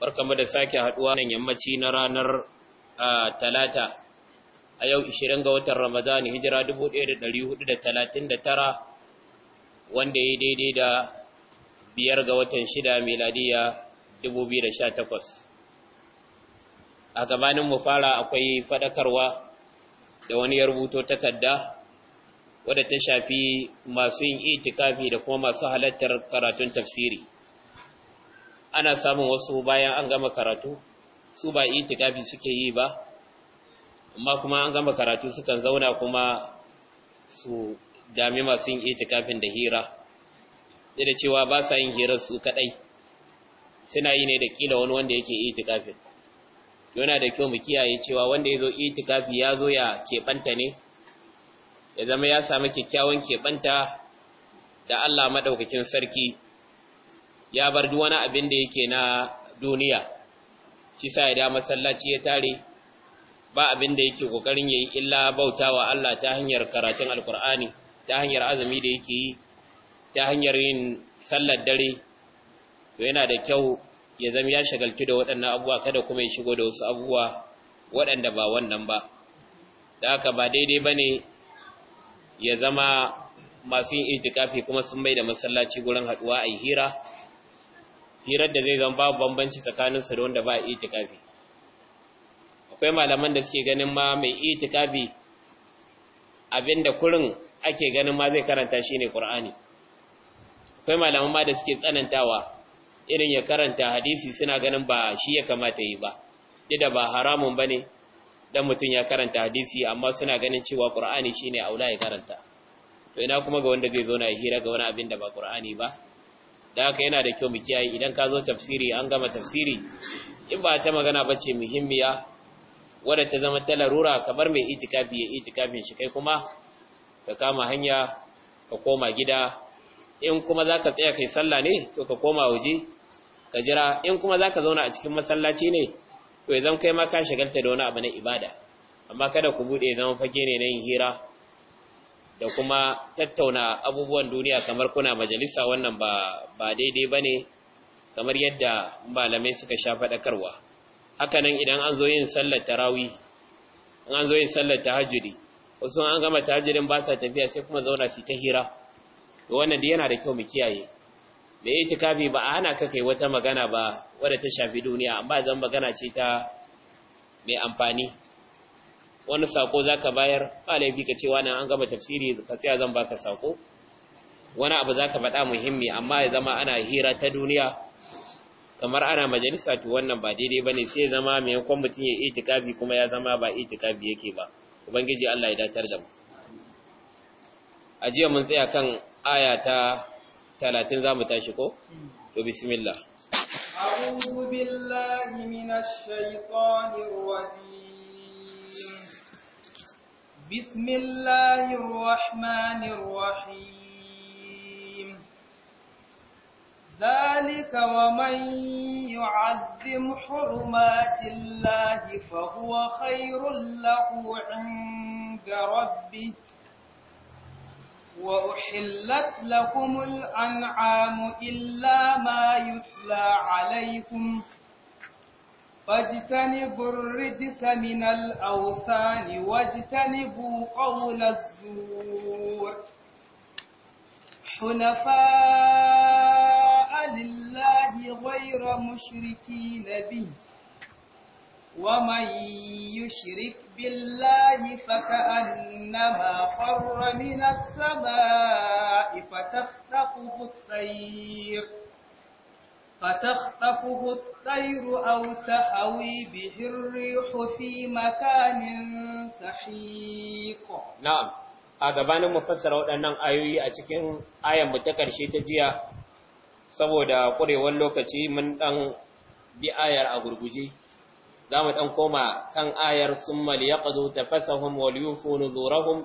barkamu da sake haduwa nan yammaci na ranar talata a yau 20 ga watan ramadani hijira 1439 wanda ya daidai da biyar ga watan shida miladiya 2018 a gabanin mu fara akwai fadakarwa da wani ya rubuto takarda wadda ta shafi masu yin itikafi da kuma masu halattar karatun tafsiri ana samun wasu bayan an gama karatu su ba itikafi suke yi ba amma kuma an gama karatu sukan zauna kuma su dami masu yin itikafin da hira da cewa ba sa yin hirarsu su kadai suna yi ne da kila wani wanda yake itikafin yana da kyau mu kiyaye cewa wanda ya zo itikafi ya zo ya keɓanta ne ya zama ya sami kyakkyawan keɓanta da Allah maɗaukakin sarki ya bar duk wani abin da yake na duniya shi sa ya da masallaci ya tare ba abin da yake kokarin yayi illa bautawa Allah ta hanyar karatun alkur'ani ta hanyar azumi da yake yi ta hanyar yin sallar dare to yana da kyau ya zama ya shagaltu da waɗannan abubuwa kada kuma ya shigo da wasu abubuwa waɗanda ba wannan ba da haka ba daidai bane ya zama masu yin itikafi kuma sun mai da masallaci gurin haɗuwa a hira hirar da zai zan babu bambanci tsakaninsu da wanda ba itikafi akwai malaman da suke ganin ma mai itikafi abinda kurin ake ganin ma zai karanta shine qur'ani akwai malaman ma da suke tsanantawa irin ya karanta hadisi suna ganin ba shi ya kamata yi ba dida ba haramun bane dan mutum ya karanta hadisi amma suna ganin cewa qur'ani shine aula ya karanta to ina kuma ga wanda zai zo na hira ga wani abin da ba qur'ani ba da haka yana da kyau mu kiyaye idan ka zo tafsiri an gama tafsiri in ba ta magana bace muhimmiya wadda ta zama ta larura kamar mai itikafi ya itikafin shi kai kuma ka kama hanya ka koma gida in kuma za ka tsaya kai sallah ne to ka koma waje ka jira in kuma za ka zauna a cikin masallaci ne to ya kai ma ka shagalta da wani abu na ibada amma kada ku buɗe zama fage ne na yin hira da kuma tattauna abubuwan duniya kamar kuna majalisa wannan ba ba daidai bane kamar yadda malamai suka sha faɗakarwa hakanan idan an zo yin sallar tarawi, in an zo yin sallar tahajjudi wasu an gama tahajjudin ba sa tafiya sai kuma zauna su ta hira to wannan da yana da kyau mu kiyaye da itikafi ba a hana ka kai wata magana ba wadda ta shafi duniya amma zan magana ce ta mai amfani wani sako zaka bayar malami ka cewa nan an gama tafsiri ka tsaya zan baka sako wani abu zaka faɗa muhimmi amma ya zama ana hira ta duniya kamar ana majalisa to wannan ba daidai ne sai zama maimakon mutum ya itikafi kuma ya zama ba itikafi yake ba ubangiji Allah ya datar da mu a jiya mun tsaya kan aya ta 30 zamu tashi ko to bismillah أعوذ بالله من الشيطان الرجيم بسم الله الرحمن الرحيم ذلك ومن يعظم حرمات الله فهو خير له عند ربه وأحلت لكم الأنعام إلا ما يتلى عليكم ۖ فاجتنبوا الرجس من الأوثان واجتنبوا قول الزور حنفاء لله غير مشركين به ومن يشرك بالله فكأنما خر من السماء فتخطفه الطير فتخطفه الطير أو تهوي به الريح في مكان سحيق نعم a gabanin mufassara waɗannan ayoyi a cikin ayanmu ta ƙarshe ta jiya saboda ƙurewar lokaci mun ɗan bi ayar a gurguje za mu ɗan koma kan ayar sun mali ya ƙazo ta fasahun waliyufo nuzurahun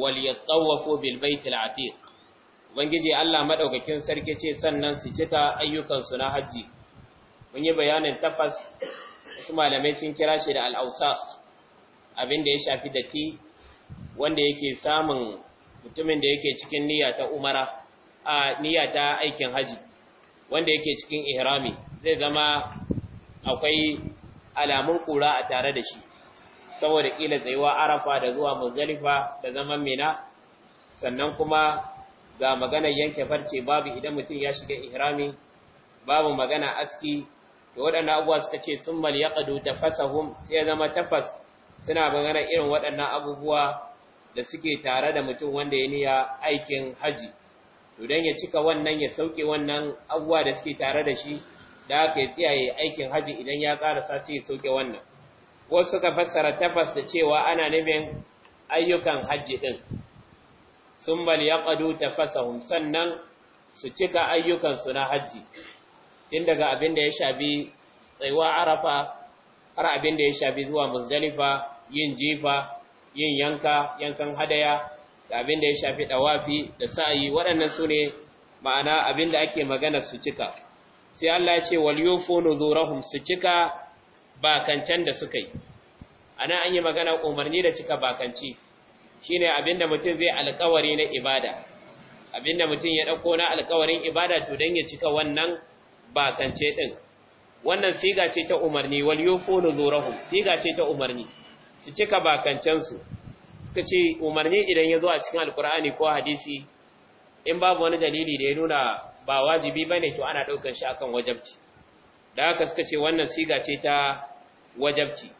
waliyattawafo bilbaitul atiq ubangiji Allah maɗaukakin sarki ce sannan su cika ayyukansu na hajji, mun yi bayanin tafas wasu malamai sun kira shi da al'ausa abin da ya shafi datti wanda yake samun mutumin da yake cikin niyya ta umara a niyya ta aikin haji wanda yake cikin ihrami zai zama akwai alamun kura a tare da shi saboda ƙila tsayuwa arafa da zuwa muzalifa da zaman mina sannan kuma ga magana yanke farce babu idan mutum ya shiga ihrami babu magana aski to waɗannan abubuwa suka ce sun mal yaqadu tafasahum sai zama tafas suna magana irin waɗannan abubuwa da suke tare da mutum wanda ya niya aikin haji to don ya cika wannan ya sauke wannan abubuwa da suke tare da shi da aka yi tsiyaye aikin haji idan ya karasa sai ya sauke wannan wasu suka fassara tafas da cewa ana nufin ayyukan haji din sun bal ya ƙadu ta fasahun sannan su cika ayyukansu na hajji tun daga abin da ya shafi tsaiwa arafa har abin da ya shafi zuwa musdalifa yin jifa yin yanka yankan hadaya da abin da ya shafi dawafi da sa'ayi waɗannan su ne ma'ana abin da ake magana su cika sai Allah ya ce wal yufu nuzurahum su cika bakancan da suka yi ana an yi magana umarni da cika bakanci shine abinda mutum zai alƙawari na ibada abinda mutum ya dauko na alƙawarin ibada to dan ya cika wannan bakance din wannan siga ce ta umarni wal yufunu zurahu siga ce ta umarni su cika bakancen su suka ce umarni idan ya zo a cikin alkur'ani ko hadisi in babu wani dalili da ya nuna ba wajibi bane to ana daukar shi akan wajabci da haka suka ce wannan siga ce ta wajabci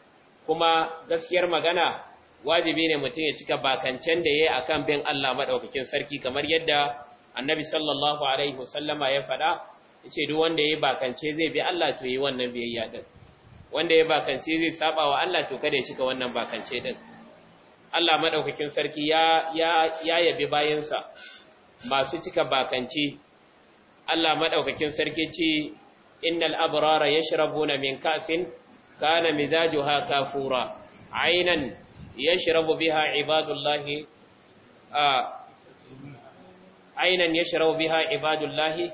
kuma gaskiyar magana wajibi ne mutum ya cika bakancen da yayi akan bin Allah madaukakin sarki kamar yadda annabi sallallahu alaihi wasallama ya faɗa yace duk wanda yayi bakance zai bi Allah to yi wannan biyayya din wanda ya bakance zai saba wa Allah to kada ya cika wannan bakance din Allah madaukakin sarki ya ya ya yabi bayansa masu cika bakance Allah madaukakin sarki ce innal abrara yashrabuna min ka'sin kana mizajuha kafura aynan yashrabu biha ibadullahi ainan yashrabu biha ibadullahi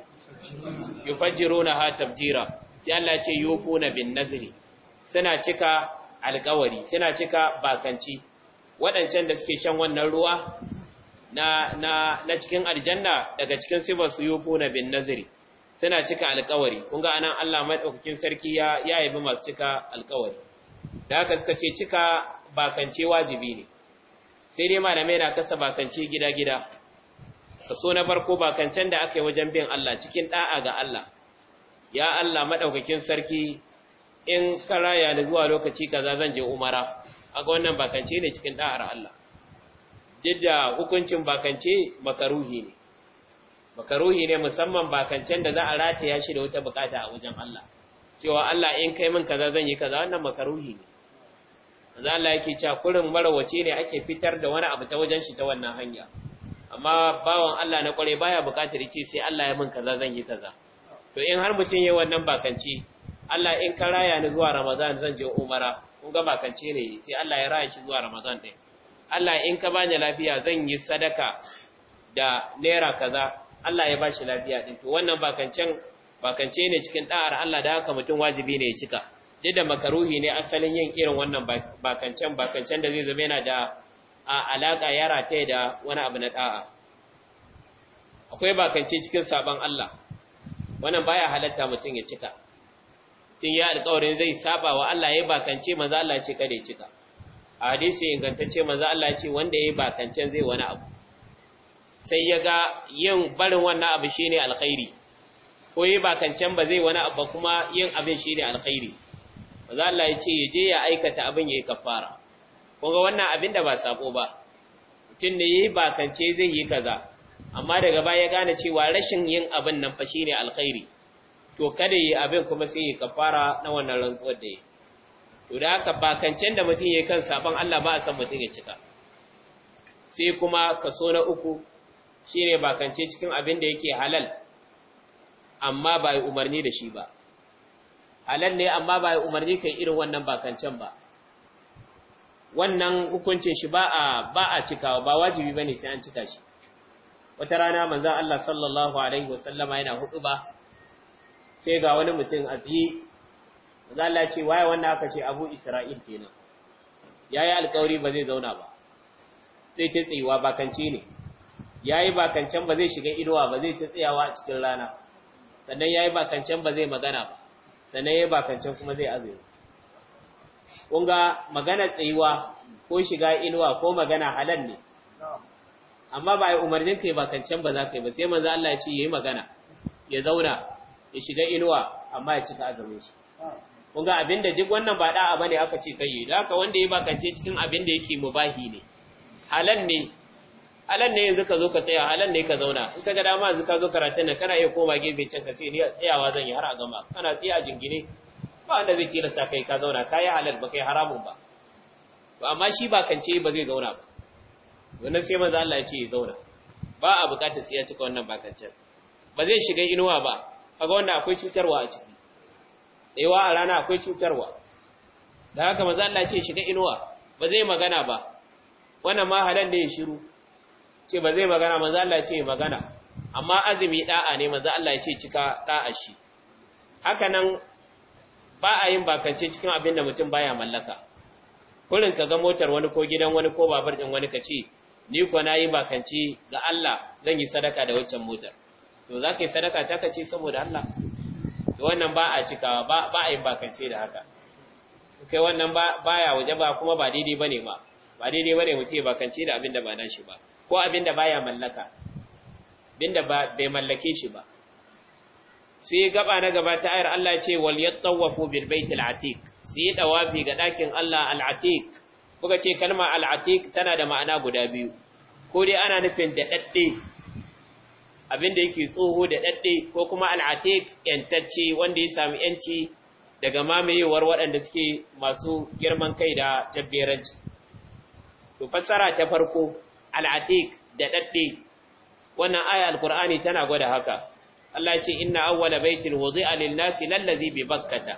yufajjirunaha tabjira sai Allah ce yufuna bin nazri suna cika alƙawari suna cika bakanci waɗancan da suke shan wannan ruwa na na na cikin aljanna daga cikin sifar su yufuna bin nazri suna cika alkawari kun ga anan Allah madaukakin sarki ya ya yabi masu cika alƙawari da haka suka ce cika bakance wajibi ne sai dai malamai na kasa bakance gida-gida kaso na farko bakancen da aka yi wajen bin Allah cikin da'a ga Allah ya Allah madaukakin sarki in karaya da zuwa lokaci kaza zan je umara aga wannan bakance ne cikin da'ar Allah duk da hukuncin bakance makaruhi ne makaruhi ne musamman bakancen da za a rataya shi da wata bukata a wajen Allah cewa Allah in kai min kaza zan yi kaza wannan makaruhi ne manzo Allah yake cewa kurin marawace ne ake fitar da wani abu ta wajen shi ta wannan hanya amma bawan Allah na kware baya bukatar ce sai Allah ya min kaza zan yi kaza to in har mutum yayin wannan bakanci Allah in ka raya ni zuwa Ramadan zan je Umara kun ga bakanci ne sai Allah ya raya shi zuwa Ramadan din Allah in ka bani lafiya zan yi sadaka da naira kaza Allah ya bashi lafiya din to wannan bakancen bakance ne cikin da'ar Allah da haka mutum wajibi ne ya cika duk da makaruhi ne asalin yin irin wannan bakancan bakancan da zai zama yana da alaka ya rataye da wani abu na da'a akwai bakance cikin sabon Allah wannan baya halatta mutum ya cika tun ya alƙawarin zai saba wa Allah ya bakance maza Allah ce kada ya cika a hadisi ingantacce maza Allah ce wanda ya bakancen zai wani abu sai ya ga yin barin wannan abu shine alkhairi ko yi bakancan ba zai wani abu kuma yin abin shine alkhairi maza Allah ya ce je ya aikata abin ya yi kafara kunga wannan abin da ba sako ba mutum ne ba bakance zai yi kaza amma daga baya gane cewa rashin yin abin nan fa shine alkhairi to kada yi abin kuma sai yi kafara na wannan rantsuwar da yi to da haka bakancen da mutum yayi kan sabon Allah ba a san mutum ya cika sai kuma kaso na uku shine bakance cikin abin da yake halal amma ba yi umarni da shi ba halal ne amma ba umarni kai irin wannan bakancan ba wannan hukuncin shi ba a ba a cikawa ba wajibi bane sai an cika shi wata rana manzon Allah sallallahu alaihi wasallama yana hutuba sai ga wani mutum a tsaye manzon Allah ce waye wannan aka ce Abu Isra'il kenan yayi alƙawari ba zai zauna ba sai ta tsayuwa bakanci ne yayi bakancan ba zai shiga idowa ba zai ta tsayawa a cikin rana sannan yayi bakancan ba zai magana ba sannan ya bakancan kuma zai azumi kunga magana tsayuwa ko shiga inuwa ko magana halal ne amma ba a yi umarnin ka kai bakancan ba za ka yi ba sai manzan Allah ya ce yi magana ya zauna ya shiga inuwa amma ya cika azumin shi kunga abinda duk wannan ba da'a ne aka ce kai da haka wanda ya bakance cikin abin abinda yake bahi ne halal ne Alan ne yanzu ka zo ka tsaya alan ne ka zauna in ka ga dama yanzu ka zo karatun nan kana iya koma gefe can ka ce ni tsayawa zan yi har a gama kana tsaya a jingine ba wanda zai tilasta kai ka zauna ka yi halal ba kai haramun ba to amma shi ba kance ba zai zauna ba wannan sai manzo Allah ya ce ya zauna ba a bukatar sai ya cika wannan bakancen ba zai shiga inuwa ba kaga wanda akwai cutarwa a ciki tsayawa a rana akwai cutarwa da haka manzo Allah ya ce shiga inuwa ba zai magana ba wannan ma halan ne ya shiru ce ba zai magana manzo Allah ya ce magana amma azumi da'a ne manzo Allah ya ce cika da'a shi haka nan ba a yin bakance cikin abin da mutum baya mallaka kurin ka ga motar wani ko gidan wani ko babar din wani ka ce ni ko na yi bakance ga Allah zan yi sadaka da waccan motar to za ka yi sadaka ta ka ce saboda Allah to wannan ba a cikawa ba a yin bakance da haka kai wannan baya waje ba kuma ba daidai bane ba ba daidai bane mutum ya bakance da abin da ba shi ba ko abinda baya mallaka bin da bai mallake shi ba sai gaba na gaba ta ayar Allah ce wal yattawafu bil baitil su sai ɗawafi ga dakin Allah al kuka ce kalma al tana da ma'ana guda biyu ko dai ana nufin da dadde abin da yake tsoho da dadde ko kuma al yantacce wanda ya samu yanci daga mamayewar waɗanda suke masu girman kai da tabbiranci to fassara ta farko al'atik da dadde wannan aya alqur'ani tana gwada haka Allah ce inna awwala baitin wudi'a lin-nasi lallazi bi bakkata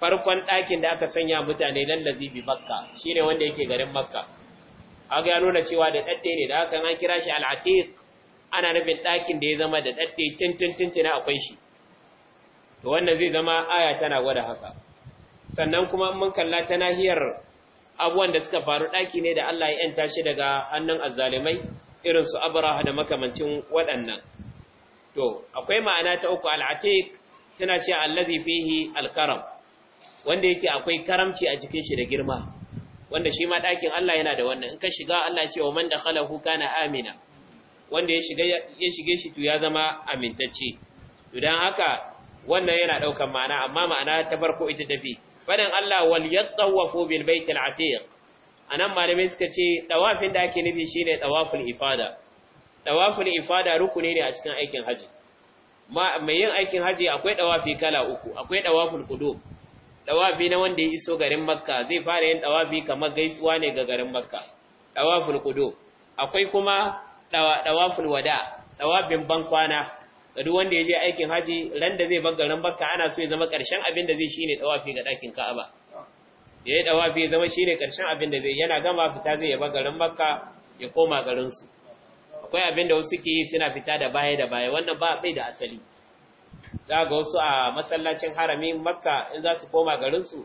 farkon ɗakin da aka sanya mutane lallazi bi bakka shine wanda yake garin bakka A ya nuna cewa da dadde ne da haka an kira shi al'atik ana nufin ɗakin da ya zama da dadde tintin akwai shi to wannan zai zama aya tana gwada haka sannan kuma mun kalla ta nahiyar abuwan da suka faru ɗaki ne da Allah ya ‘yanta shi daga hannun azzalimai irin su abraha da makamancin waɗannan. To, akwai ma'ana ta uku al'atik tana ce allazi fihi alkaram, wanda yake akwai karamci a cikin shi da girma, wanda shi ma ɗakin Allah yana da wannan, in ka shiga Allah ce wa man da khalahu kana amina, wanda ya shige shi to ya zama amintacce. don haka wannan yana ɗaukan ma'ana, amma ma'ana ta farko ita tafi. Faɗin Allah wal yatawafu bil baitil atiq anan malamai suka ce ɗawafin da ake nufi shine ɗawafin ifada Ɗawafin ifada rukuni ne a cikin aikin haji mai yin aikin haji akwai ɗawafi kala uku akwai ɗawafin qudum ɗawafi na wanda ya iso garin makka zai fara yin ɗawafi kamar gaisuwa ne ga garin makka ɗawafin qudum akwai kuma ɗawafin wada ɗawafin bankwana ga duk wanda ya je aikin haji ran da zai garin bakka ana so ya zama karshen abin da zai shine dawafi ga dakin Ka'aba ya yi dawafi ya zama shine karshen abin da zai yana gama fita zai ya garin bakka ya koma garin su akwai abin da wasu ke yi suna fita da baya da baya wannan ba bai da asali za ga wasu a masallacin haramin makka in za su koma garin su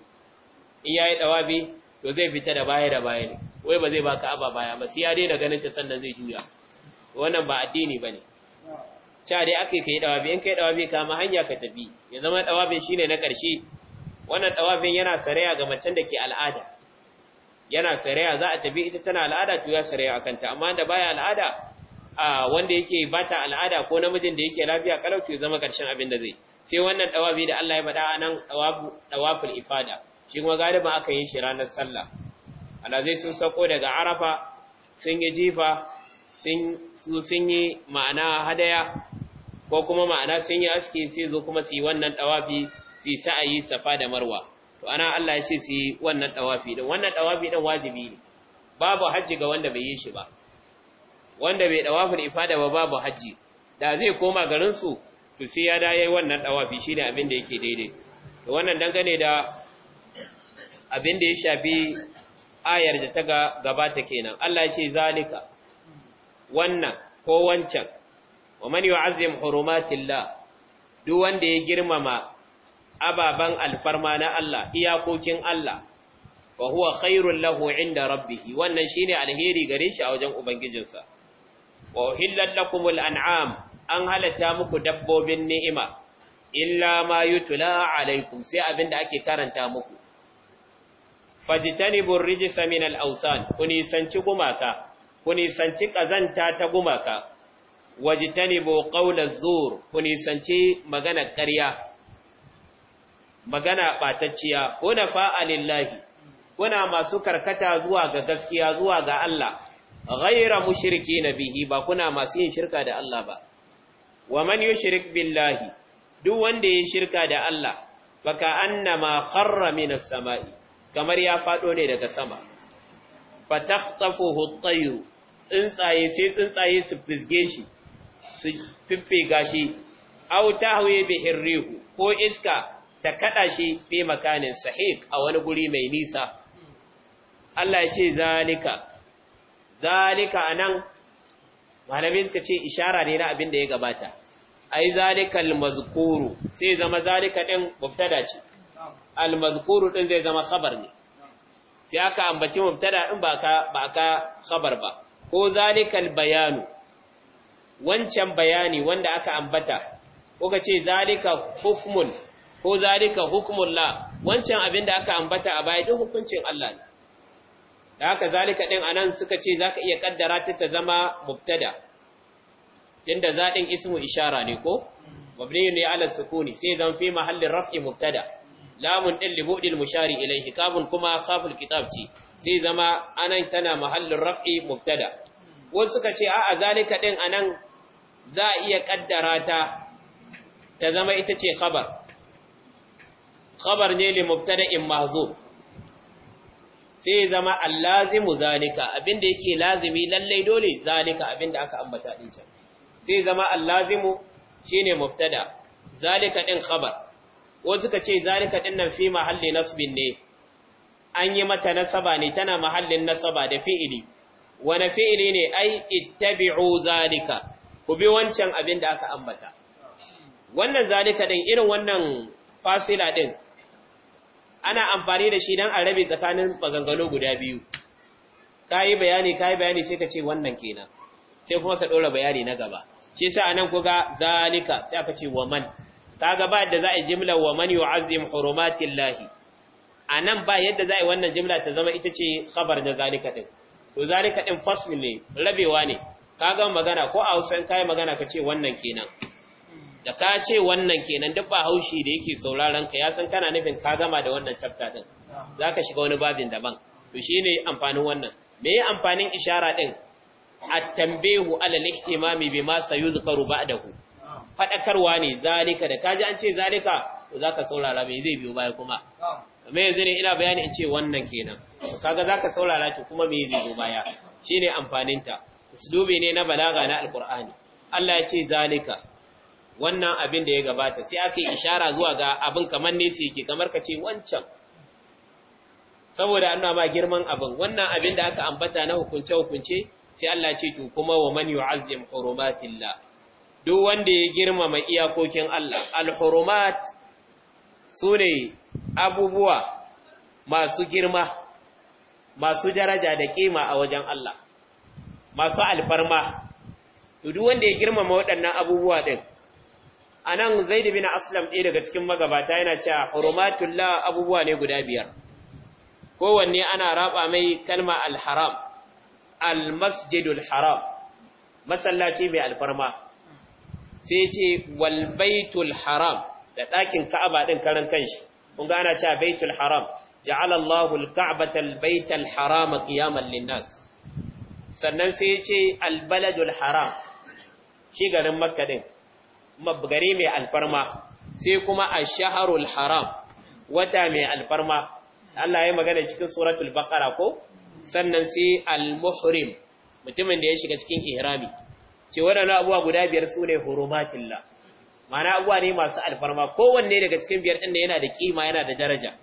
in yayi dawabi to zai fita da baya da baya ne wai ba zai baka aba baya ba sai ya daina ganin ta sannan zai juya wannan ba addini bane Ca dai aka kai dawabi in kai dawabi kama hanya ka tafi ya zama dawabin shine na ƙarshe wannan dawabin yana saraya ga macen da ke al'ada yana saraya za a tafi ita tana al'ada to ya saraya akan ta amma da baya al'ada a wanda yake bata al'ada ko namijin da yake lafiya kalau to ya zama ƙarshen abin da zai sai wannan dawabi da Allah ya bada a dawabu dawaful ifada shi kuma galiba aka yi shi ranar sallah zai sun sako daga arafa sun yi jifa sun su sun yi ma'ana hadaya ko kuma ma'ana sun yi aski sai zo kuma su yi wannan dawafi su yi sa'ayi safa da marwa to ana Allah ya ce su yi wannan dawafi din wannan dawafi din wajibi ne babu hajji ga wanda bai yi shi ba wanda bai ɗawafin ifada ba babu hajji da zai koma garin su to sai ya da yayi wannan dawafi ne abin da yake daidai to wannan dangane da abin da ya shafi ayar da ta gabata kenan Allah ya ce zalika wannan ko wancan wa man yu'azzim hurumatillah duk wanda ya girmama ababan alfarma na Allah iyakokin Allah fa huwa khairul lahu inda rabbih wannan shine alheri gare shi a wajen ubangijinsa wa uhillat lakumul an'am an halata muku dabbobin ni'ima illa ma yutula alaikum sai abinda ake karanta muku fajtanibur rijsa min al-awsan kuni sanci gumaka ku nisanci ƙazanta ta gumaka, waje ta nebo ƙaunar zuwur, ku nisanci magana ƙarya, magana ɓatacciya, kuna fa'alillahi, kuna masu karkata zuwa ga gaskiya zuwa ga Allah, ghaira mushiriki na bihi ba kuna masu yin shirka da Allah ba. Wa man yi shirik billahi, duk wanda ya shirka da Allah, baka annama kharra minas sama'i, kamar ya faɗo ne daga sama. ta at-tayr tsuntsaye sai tsuntsaye su fisge shi su fiffega shi aw tahwi bihir rihu ko iska ta kada shi fi makanin sahiq a wani guri mai nisa Allah ya ce zalika zalika anan malami suka ce ishara ne na abin da ya gabata ai zalikal mazkuru sai zama zalika din mubtada ce al mazkuru din zai zama khabar ne sai aka ambaci mubtada din ba ka ba ka khabar ba ko zalikal bayanu wancan bayani wanda aka ambata ko ka ce zalika hukmul ko zalika hukmullah wancan abin da aka ambata a baya duk hukuncin Allah ne da haka zalika din anan suka ce zaka iya kaddara ta ta zama mubtada tunda zadin ismu ishara ne ko mabni ne ala sukuni sai zan fi mahallin raf'i mubtada lamun din libudil mushari ilaihi Kabun kuma kaful kitab ce zai zama anan tana mahallin raf'i mubtada Wani suka ce a'a zalika din anan za a iya kaddara ta ta zama ita ce khabar khabar ne li in mahzub sai zama allazimu zalika abinda yake lazimi lalle dole zalika abinda aka ambata din can sai zama allazimu shine mubtada zalika din khabar Wasu suka ce zalika dinnan fi mahalli nasbin ne an yi mata nasaba ne tana mahallin nasaba da fi'ili wani fi'ili ne ai ittabi'u zalika ku bi wancan abin da aka ambata wannan zalika din irin wannan fasila din ana amfani da shi dan a rabe tsakanin maganganu guda biyu ka yi bayani ka bayani sai ka ce wannan kenan sai kuma ka ɗora bayani na gaba shi sa anan kuga zalika sai aka ce wa man kaga ba yadda za a jimla wa man yu'azzim hurumatillahi anan ba yadda za a yi wannan jimla ta zama ita ce khabar da zalika din to zalika din fasli ne rabewa ne kaga magana ko a Hausa in kai magana ka ce wannan kenan da ka ce wannan kenan duk ba haushi da yake sauraron ka ya san kana nufin ka gama da wannan chapter din zaka shiga wani babin daban to shine amfanin wannan me amfanin ishara din at tambehu alal al-ihtimami bima sayuzkaru ba'dahu faɗakarwa ne zalika da kaji an ce zalika to zaka saurara me zai biyo baya kuma kamar yanzu ne ina bayani in ce wannan kenan to kaga zaka saurara ki kuma me zai biyo baya shine amfanin ta uslubi ne na balaga na alqur'ani Allah ya ce zalika wannan abin da ya gabata sai aka yi ishara zuwa ga abin kamar ne sai yake kamar ka ce wancan saboda an ma girman abin wannan abin da aka ambata na hukunce hukunce sai Allah ya ce to kuma wa man yu'azzim hurumatillah duk wanda ya girmama iyakokin Allah al-hurumat sune abubuwa masu girma masu daraja da kima a wajen Allah masu alfarma duk wanda ya girmama waɗannan abubuwa din anan zaid bin aslam ɗaya daga cikin magabata yana cewa hurumatullah abubuwa ne guda biyar kowanne ana raba mai kalma al-haram al-masjidul haram masallaci mai alfarma sai ce wal baitul haram da ɗakin ka'aba ɗin karan kanshi kun gana ce baitul haram ja'ala Allahu al-ka'bata al-baital haram qiyaman nas sannan sai ce al-baladul haram shi garin makka din gari mai alfarma sai kuma ash-shahrul haram wata mai alfarma Allah ya magana cikin suratul baqara ko sannan sai al-muhrim mutumin da ya shiga cikin ihrami ce waɗannan abuwa guda biyar su ne hurumatillah mana abuwa ne masu alfarma kowanne daga cikin biyar ɗin yana da kima yana da daraja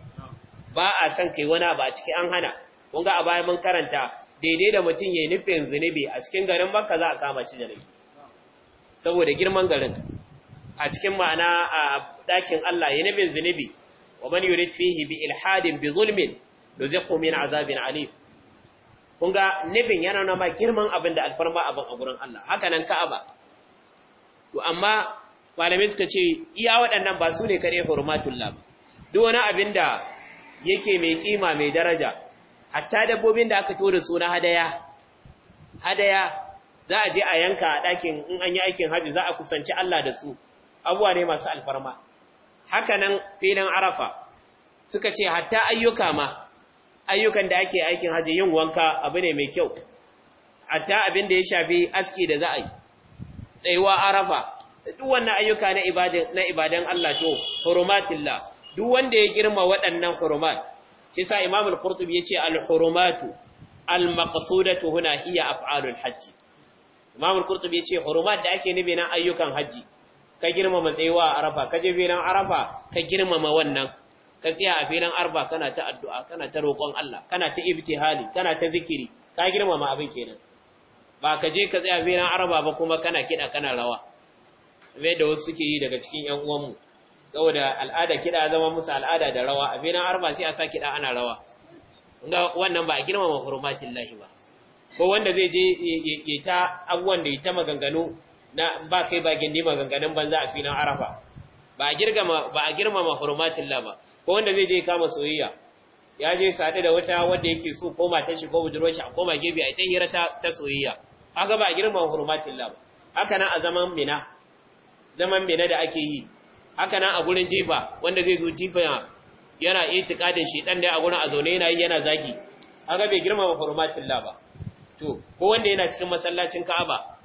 ba a san kai wani ba a ciki an hana kun ga a baya mun karanta daidai da mutum ya nufin zunubi a cikin garin makka za a kama shi da laifi saboda girman garin a cikin ma'ana a ɗakin Allah ya nufin zunubi wa man yurid fihi bi ilhadin bi zulmin yuzaqu min azabin alim Kunga ga nabin yana nuna ma girman abin da alfarma abin a gurin Allah haka nan ka'aba to amma malamin suka ce iya waɗannan ba su ne kare hurmatullah duk wani abin da yake mai kima mai daraja hatta dabbobin da aka tura su na hadaya hadaya za a je a yanka a ɗakin in an yi aikin haji za a kusanci Allah da su abuwa ne masu alfarma haka nan filin arafa suka ce hatta ayyuka ma ayyukan da ake aikin haji yin wanka abu ne mai kyau hatta abin da ya shafi aski da za a yi tsayuwa arafa duk wannan ayyuka na ibadan Allah to hurumatillah duk wanda ya girma waɗannan hurumat shi sa Imam al ya yace al-hurumatu al-maqsudatu huna hiya af'alul hajji, Imam al ya ce hurumat da ake nufi na ayyukan haji ka girmama tsayuwa arafa ka je binan arafa ka girmama wannan ka tsaya a filin arba kana ta addu'a kana ta roƙon Allah kana ta ibtihali kana ta zikiri ka girmama abin kenan ba ka je ka tsaya a filin arba ba kuma kana kiɗa kana rawa kamar da wasu suke yi daga cikin ƴan uwanmu saboda al'ada kiɗa zama musu al'ada da rawa a filin arba sai a sa kiɗa ana rawa ga wannan ba a girmama hurmatillahi ba ko wanda zai je ya ta abubuwan da ya ta maganganu na ba kai ba gindi maganganun banza a filin arafa ba a girmama hurmatillah ba ko wanda zai je kama soyayya ya je sadu da wata wanda yake so ko matar shi ko budurwar shi a koma gefe a ta hira ta soyayya kaga ba a girmama hurmatillah ba haka nan a zaman mina zaman mina da ake yi haka nan a gurin jifa wanda zai zo jifa yana itikadin shi dan ne a gurin azone zaune yana yi yana zagi haka bai girmama hurmatillah ba to ko wanda yana cikin masallacin Ka'aba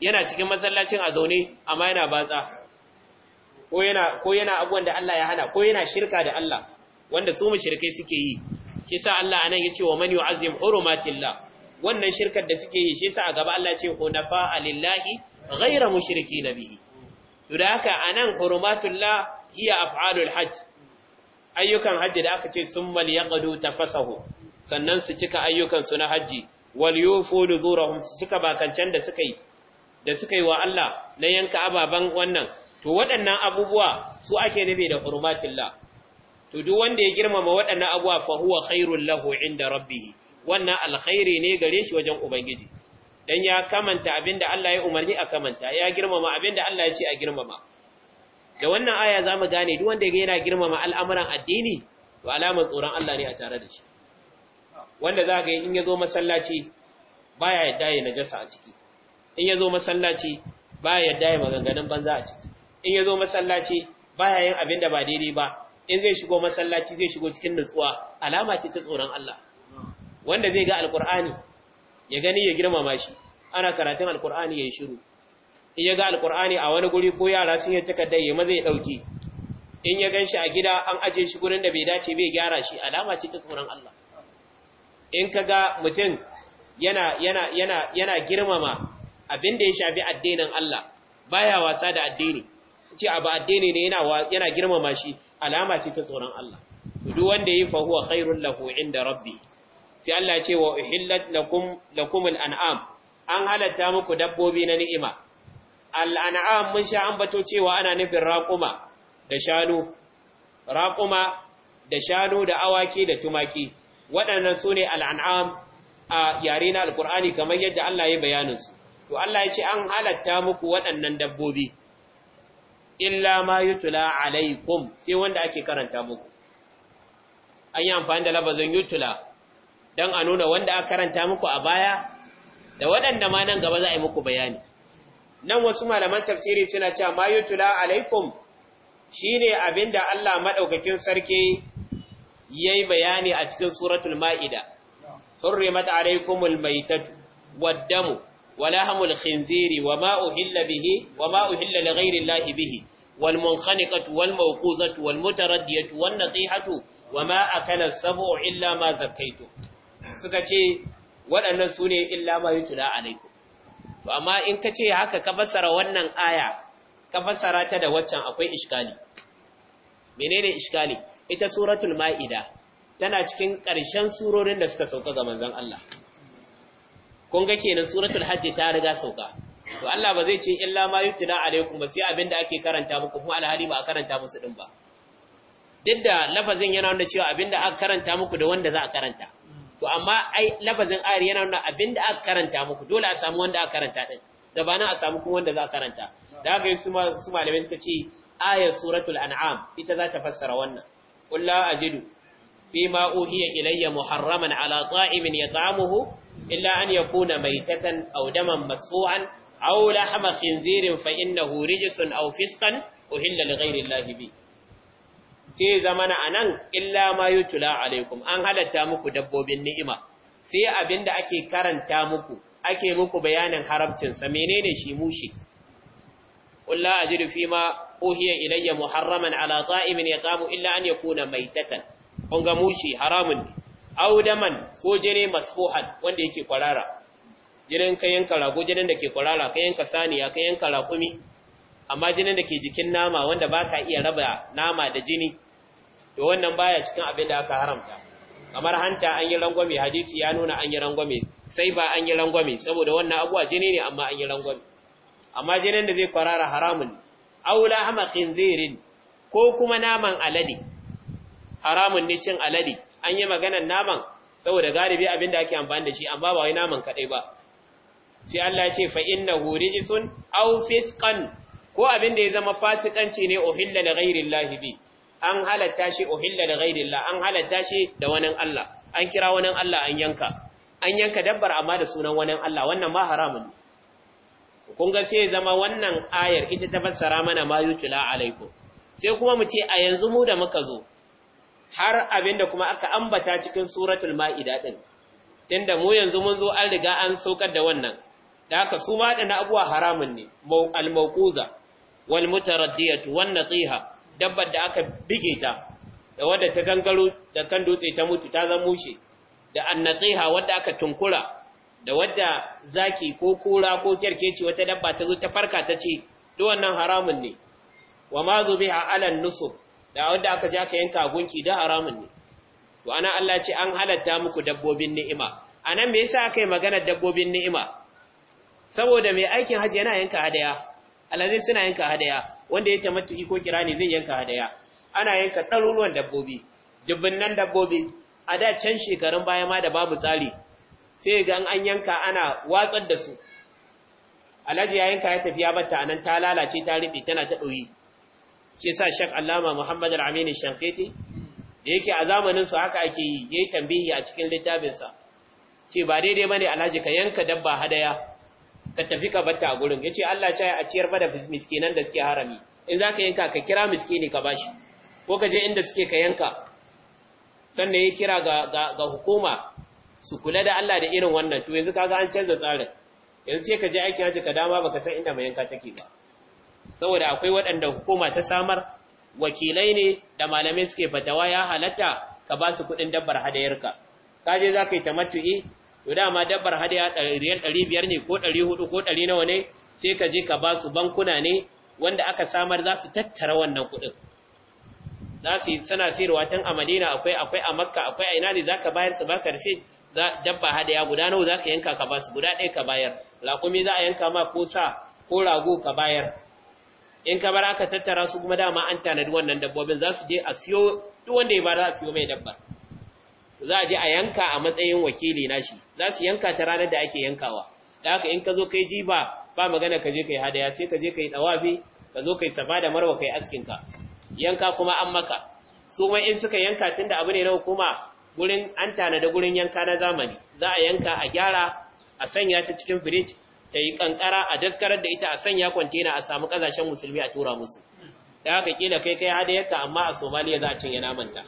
yana cikin masallacin a zaune amma yana batsa ko yana abubuwan da Allah ya hana ko yana shirka da Allah wanda su mushrikai suke yi shi sa Allah ya ce wa man yu'azzim hurumatillah wannan shirkar da suke yi shi sa a gaba Allah ya ce hunafa alillahi ghayra na bihi to da haka anan hurumatullah hiya af'alul hajj ayyukan hajji da aka ce summal yaqdu tafasahu sannan su cika ayyukan su na hajji wal yufu nuzurahum su cika bakancan da suka yi da suka yi wa Allah na yanka ababan wannan to waɗannan abubuwa su ake nufi da hurmatillah to duk wanda ya girmama waɗannan abubuwa fa huwa khairul lahu inda rabbih wannan alkhairi ne gare shi wajen ubangiji dan ya kamanta abinda Allah ya umarni a kamanta ya girmama abinda Allah ya ce a girmama da wannan aya zamu gane duk wanda yana girmama al'amuran addini to alamar tsoron Allah ne a tare da shi wanda za ka in ya zo masallaci baya yadda ya najasa a ciki in ya masallaci baya yadda ya maganganun banza a ciki in ya zo masallaci baya yin abin da ba daidai ba in zai shigo masallaci zai shigo cikin nutsuwa alama ce ta tsoron Allah wanda zai ga alkur'ani ya gani ya girmama shi ana karatun alkur'ani ya shiru in ya ga alkur'ani a wani guri ko yara sun yi takarda ya maza ya ɗauki in ya gan a gida an ajiye shi gurin da bai dace bai gyara shi alama ce ta tsoron Allah in ka ga mutum yana yana yana yana girmama abin da ya shafi addinin Allah baya wasa da addini ce abu addini ne yana girmama shi alama ce ta tsoron Allah duk wanda yi fahuwa khairun lahu inda rabbi sai Allah ce wa uhillat lakum lakumul an'am an halatta muku dabbobi na ni'ima al'an'am mun sha ambato cewa ana nufin raƙuma da shanu raƙuma da shanu da awaki da tumaki waɗannan su ne al'an'am a yare na alƙur'ani kamar yadda Allah ya bayaninsu to Allah ya ce an halatta muku waɗannan dabbobi illa ma tula alaikum sai wanda ake karanta muku an yi amfani da labazin yutula don a nuna wanda aka karanta muku a baya da waɗanda ma nan gaba za a yi muku bayani nan wasu malaman tafsiri suna cewa ma tula alaikum shine abinda Allah maɗaukakin sarki yayi bayani a cikin suratul maida hurrimat alaikumul maitatu Waddamu damu wa lahmul khinziri wa ma uhilla bihi wa bihi wal munkhaniqatu wal mawquzatu wal mutaraddiyatu wan nasihatu wama akala as-sab'u illa ma zakkaitu suka ce waɗannan sune illa ma to amma in ka ce haka ka fassara wannan aya ka fassara ta da waccan akwai iskali menene iskali ita suratul ma'ida tana cikin ƙarshen surorin da suka sauka ga manzon Allah kun ga kenan suratul hajji ta riga sauka to Allah ba zai ce illa ma yutla alaikum ba sai abinda ake karanta muku kuma alhali ba a karanta musu din ba duk da lafazin yana nuna cewa abinda aka karanta muku da wanda za a karanta to amma ai lafazin ayar yana nuna abinda aka karanta muku dole a samu wanda aka karanta din gabanin a samu kuma wanda za a karanta da haka su su malamai suka ce ayar suratul an'am ita za ta fassara wannan qul la ajidu fima uhiya ilayya muharraman ala ta'imin yat'amuhu illa an yakuna maitatan aw daman masfu'an aw lahma khinzirin fa innahu rijsun aw fisqan uhilla li ghairi llahi bi sai zamana anan illa ma yutla alaikum an halatta muku dabbobin ni'ima sai abinda ake karanta muku ake muku bayanin haramcin sa menene shi mushi qul la ajidu fima uhiya ilayya muharraman ala ta'imin yaqamu illa an yakuna maitatan kun ga mushi haramun ne audaman ko jini masfuhan wanda yake kwarara jinin ka yanka rago jinin da ke kwarara ka yanka saniya ka yanka raƙumi amma jinin da ke jikin nama wanda ba ka iya raba nama da jini to wannan baya cikin abin da aka haramta kamar hanta an yi rangwame hadisi ya nuna an yi rangwame sai ba an yi rangwame saboda wannan abuwa jini ne amma an yi rangwame amma jinin da zai kwarara haramun aula hama khinzirin ko kuma naman alade haramun ne cin alade an yi maganar naman saboda garibi abin da ake amfani da shi amma ba wai naman kadai ba sai Allah ya ce fa innahu rijsun aw fisqan ko abin da ya zama fasikanci ne uhilla li ghairi llahi bi an halatta shi uhilla li ghairi llahi an halatta shi da wani Allah an kira wani Allah an yanka an yanka dabbar amma da sunan wani Allah wannan ma haramun kun ga sai zama wannan ayar ita ta fassara mana ma yutula alaikum sai kuma mu ce a yanzu mu da muka zo har abinda kuma aka ambata cikin suratul ma'ida din tunda mu yanzu mun zo an riga an saukar da wannan da haka su ma da na abuwa haramun ne al-mawquza wal mutaraddiyatu wan natiha dabbar da aka bige ta da wadda ta gangaro da kan dutse ta mutu ta zama mushe da natiha wadda aka tunkura da wadda zaki ko kura ko kerkeci wata dabba ta zo ta farka ta ce duk wannan haramun ne wa ma zubiha ala nusub da wadda aka ja ka yanka gunki da haramun ne to ana Allah ce an halatta muku dabbobin ni'ima anan me yasa aka yi magana dabbobin ni'ima saboda mai aikin hajji yana yanka hadaya alazi suna yanka hadaya wanda ya matuki ko kirani zai yanka hadaya ana yanka daruruwan dabbobi dubunnan dabbobi a da can shekarun baya ma da babu tsari sai ga an yanka ana watsar da su alhaji ya yanka ya tafiya bata batta a ta lalace ta rufe tana ta ɗoyi Ke sa shek alama muhammad al-amini da yake a zamanin su haka ake yi ya yi tambihi a cikin littafinsa ce ba daidai ba ne alhaji ka yanka dabba hadaya ka tafi ka batta a gurin yace Allah ya a ciyar bada miskinan da suke harami in za ka yanka ka kira miskini ka bashi ko ka je inda suke ka yanka sannan ya kira ga ga hukuma su kula da Allah da irin wannan to yanzu kaga an canza tsarin yanzu sai ka je aiki haji ka dama baka san inda mai yanka take ba saboda akwai waɗanda hukuma ta samar wakilai ne da malamai suke fatawa ya halatta ka ba su kuɗin dabbar hadayarka ka je za ka yi tamattu'i to dama dabbar hadiya ɗari biyar ne ko ɗari hudu ko ɗari nawa ne sai ka je ka ba su bankuna ne wanda aka samar za su tattara wannan kuɗin za su sana sayarwa tun a Madina akwai akwai a Makka akwai a ina ne za ka bayar su ba karshe dabba hadaya guda nawa za ka yanka ka ba su guda ɗaya ka bayar laƙumi za a yanka ma ko sa ko rago ka bayar in ka bar aka tattara su kuma dama an tanadi wannan dabbobin za su je a siyo duk wanda ya ba za a siyo mai dabba za a je a yanka a matsayin wakili nashi za su yanka ta ranar da ake yankawa da haka in ka zo kai jiba ba magana ka je kai hadaya sai ka je kai dawafi ka zo kai safa da marwa kai askin ka yanka kuma an maka su mai in suka yanka tunda abu ne na hukuma gurin an tanada da gurin yanka na zamani za a yanka a gyara a sanya ta cikin firij ta yi kankara a daskarar da ita a sanya kwantena a samu kasashen musulmi a tura musu da haka kila kai kai hadayarka amma a somaliya za a ya namanta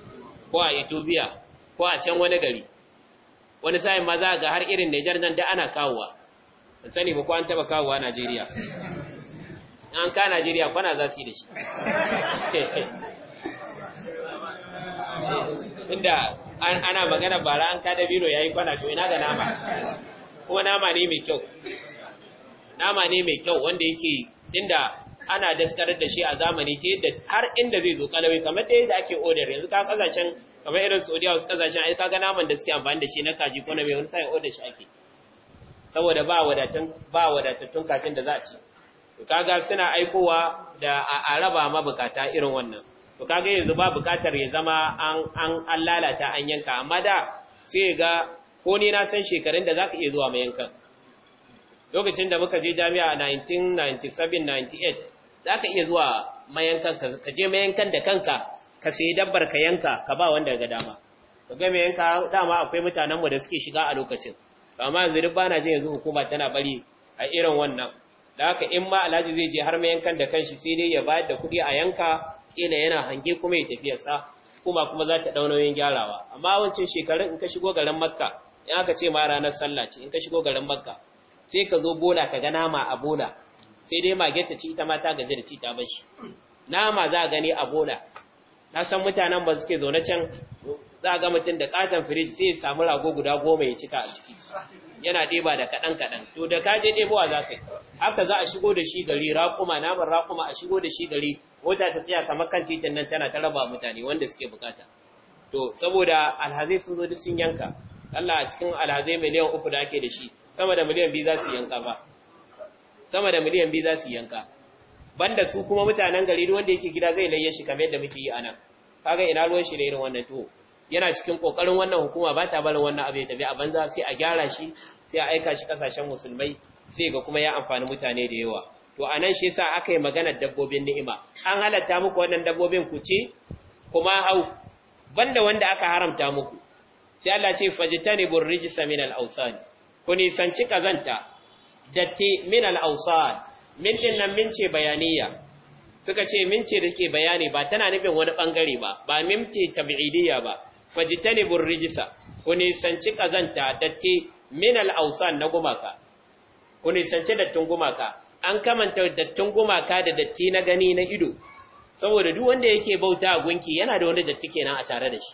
ko a ethiopia ko a can wani gari wani sa'in ma za ga har irin Nijar nan da ana kawowa ban sani ba ko an taba kawowa Najeriya an ka Najeriya kwana za su yi da shi inda ana magana bara an da biro yayi kwana to ina ga nama kuma nama ne mai kyau nama ne mai kyau wanda yake tunda ana daskarar da shi a zamani ke da har inda zai zo kalawai kamar da yadda ake odar yanzu ka kasashen kamar irin Saudiya wasu kasashen ai kaga naman da suke amfani da shi na kaji ko na mai wani sai odar shi ake saboda ba wadatun ba wadatattun kafin da za a ci to kaga suna aikowa da a raba ma bukata irin wannan to kaga yanzu ba bukatar ya zama an an an lalata an yanka amma da sai ga ko ni na san shekarun da zaka iya zuwa mai yankan lokacin da muka je jami'a 1997 98 zaka iya zuwa mayankan ka je mayankan da kanka ka sai dabbar ka yanka ka ba wanda ga dama to ga yanka dama akwai mutanen mu da suke shiga a lokacin amma yanzu duk bana jin yanzu hukuma tana bari a irin wannan da haka in ma alhaji zai je har mai yankan da kanshi sai dai ya bayar da kuɗi a yanka kila yana hange kuma ya tafi sa kuma kuma za ta dau nauyin gyarawa amma wancan shekarun in ka shigo garin makka in aka ce ma ranar sallah ce in ka shigo garin makka sai ka zo bola ka ga nama a bola sai dai mage ta ci ita ma ta gaji da ci ta bashi nama za gani a bola na san mutanen ba suke zaune can za ga mutum da katon firij sai ya samu rago guda goma ya cika a ciki yana ɗeba da kaɗan kaɗan to da kaje ɗebowa za ka yi haka za a shigo da shi gari raƙuma naman raƙuma a shigo da shi gari mota ta tsaya kamar kan titin nan tana ta raba mutane wanda suke bukata to saboda alhazai sun zo duk sun yanka Allah a cikin alhazai miliyan uku da ake da shi sama da miliyan biyu za su yanka ba sama da miliyan biyu za su yanka banda su kuma mutanen gari duk wanda yake gida zai layye shi kamar yadda muke yi anan kaga ina ruwan shi da irin wannan to yana cikin kokarin wannan hukuma ba ta barin wannan abu ya tafi a banza sai a gyara shi sai a aika shi kasashen musulmai sai ga kuma ya amfani mutane da yawa to a nan shi yasa aka yi maganar dabbobin ni'ima an halatta muku wannan dabbobin ku ci kuma hau banda wanda aka haramta muku sai Allah ce fajitani burrijisa min al-awsan ku nisanci kazanta datti min al-awsan min din nan min ce bayaniya suka ce min ce dake bayani ba tana nufin wani bangare ba ba min ce tab'idiyya ba fajtanibur rijsa ku nisanci kazanta datti min al na gumaka ku nisanci dattin gumaka an kamanta dattin gumaka da datti na gani na ido saboda duk wanda yake bauta a gunki yana da wani datti kenan a tare da shi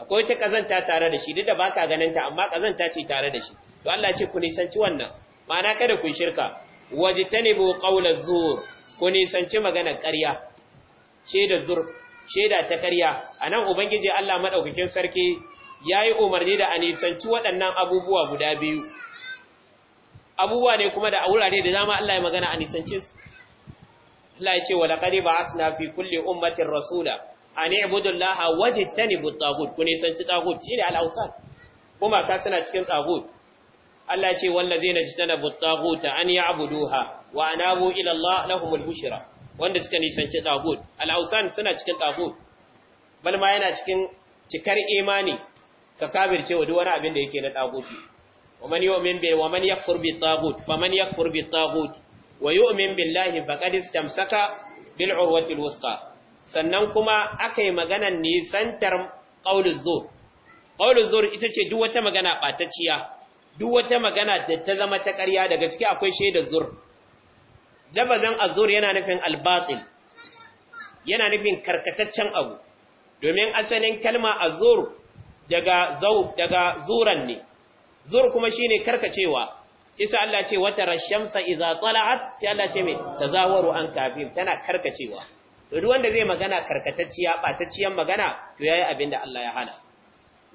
akwai ta kazanta tare da shi duk da baka ganin ta amma kazanta ce tare da shi to Allah ce ku nisanci wannan ma'ana kada ku shirka wajtanibu qawla zur ku nisanci maganar ƙarya Sheda zur sheda ta ƙarya anan ubangiji Allah madaukakin sarki yayi umarni da a nisanci waɗannan abubuwa guda biyu abubuwa ne kuma da a wurare da dama Allah ya magana a nisanci su Allah ya ce wa laqad ba'athna fi kulli ummatin rasula an i'budu Allaha wajtanibu at-taghut ku nisanci taghut shine al-awsan kuma ta suna cikin taghut Allah ce wallazina jitanabu taghuta an ya'buduha wa anabu ila Allah lahumul bushra wanda suka nisanci tagut al-awsan suna cikin tagut bal ma yana cikin cikar imani ka kafirce wa duk wani abin da yake na taguti wa man yu'min bi wa man yakfur bi tagut fa man yakfur bi tagut wa yu'min billahi faqad istamsaka bil urwati al-wusta sannan kuma akai maganan nisantar qauluz zur qauluz zur ita ce duk wata magana batacciya duk wata magana da ta zama ta ƙarya daga ciki akwai shaidar zur dabazan azur yana nufin albatil yana nufin karkataccen abu domin asalin kalma azur daga zau daga zuran ne zur kuma shine karkacewa isa Allah ce wata rashamsa idza tala'at sai Allah ce me tazawaru an kafir tana karkacewa duk wanda zai magana karkatacciya batacciyan magana to yayi abin da Allah ya hana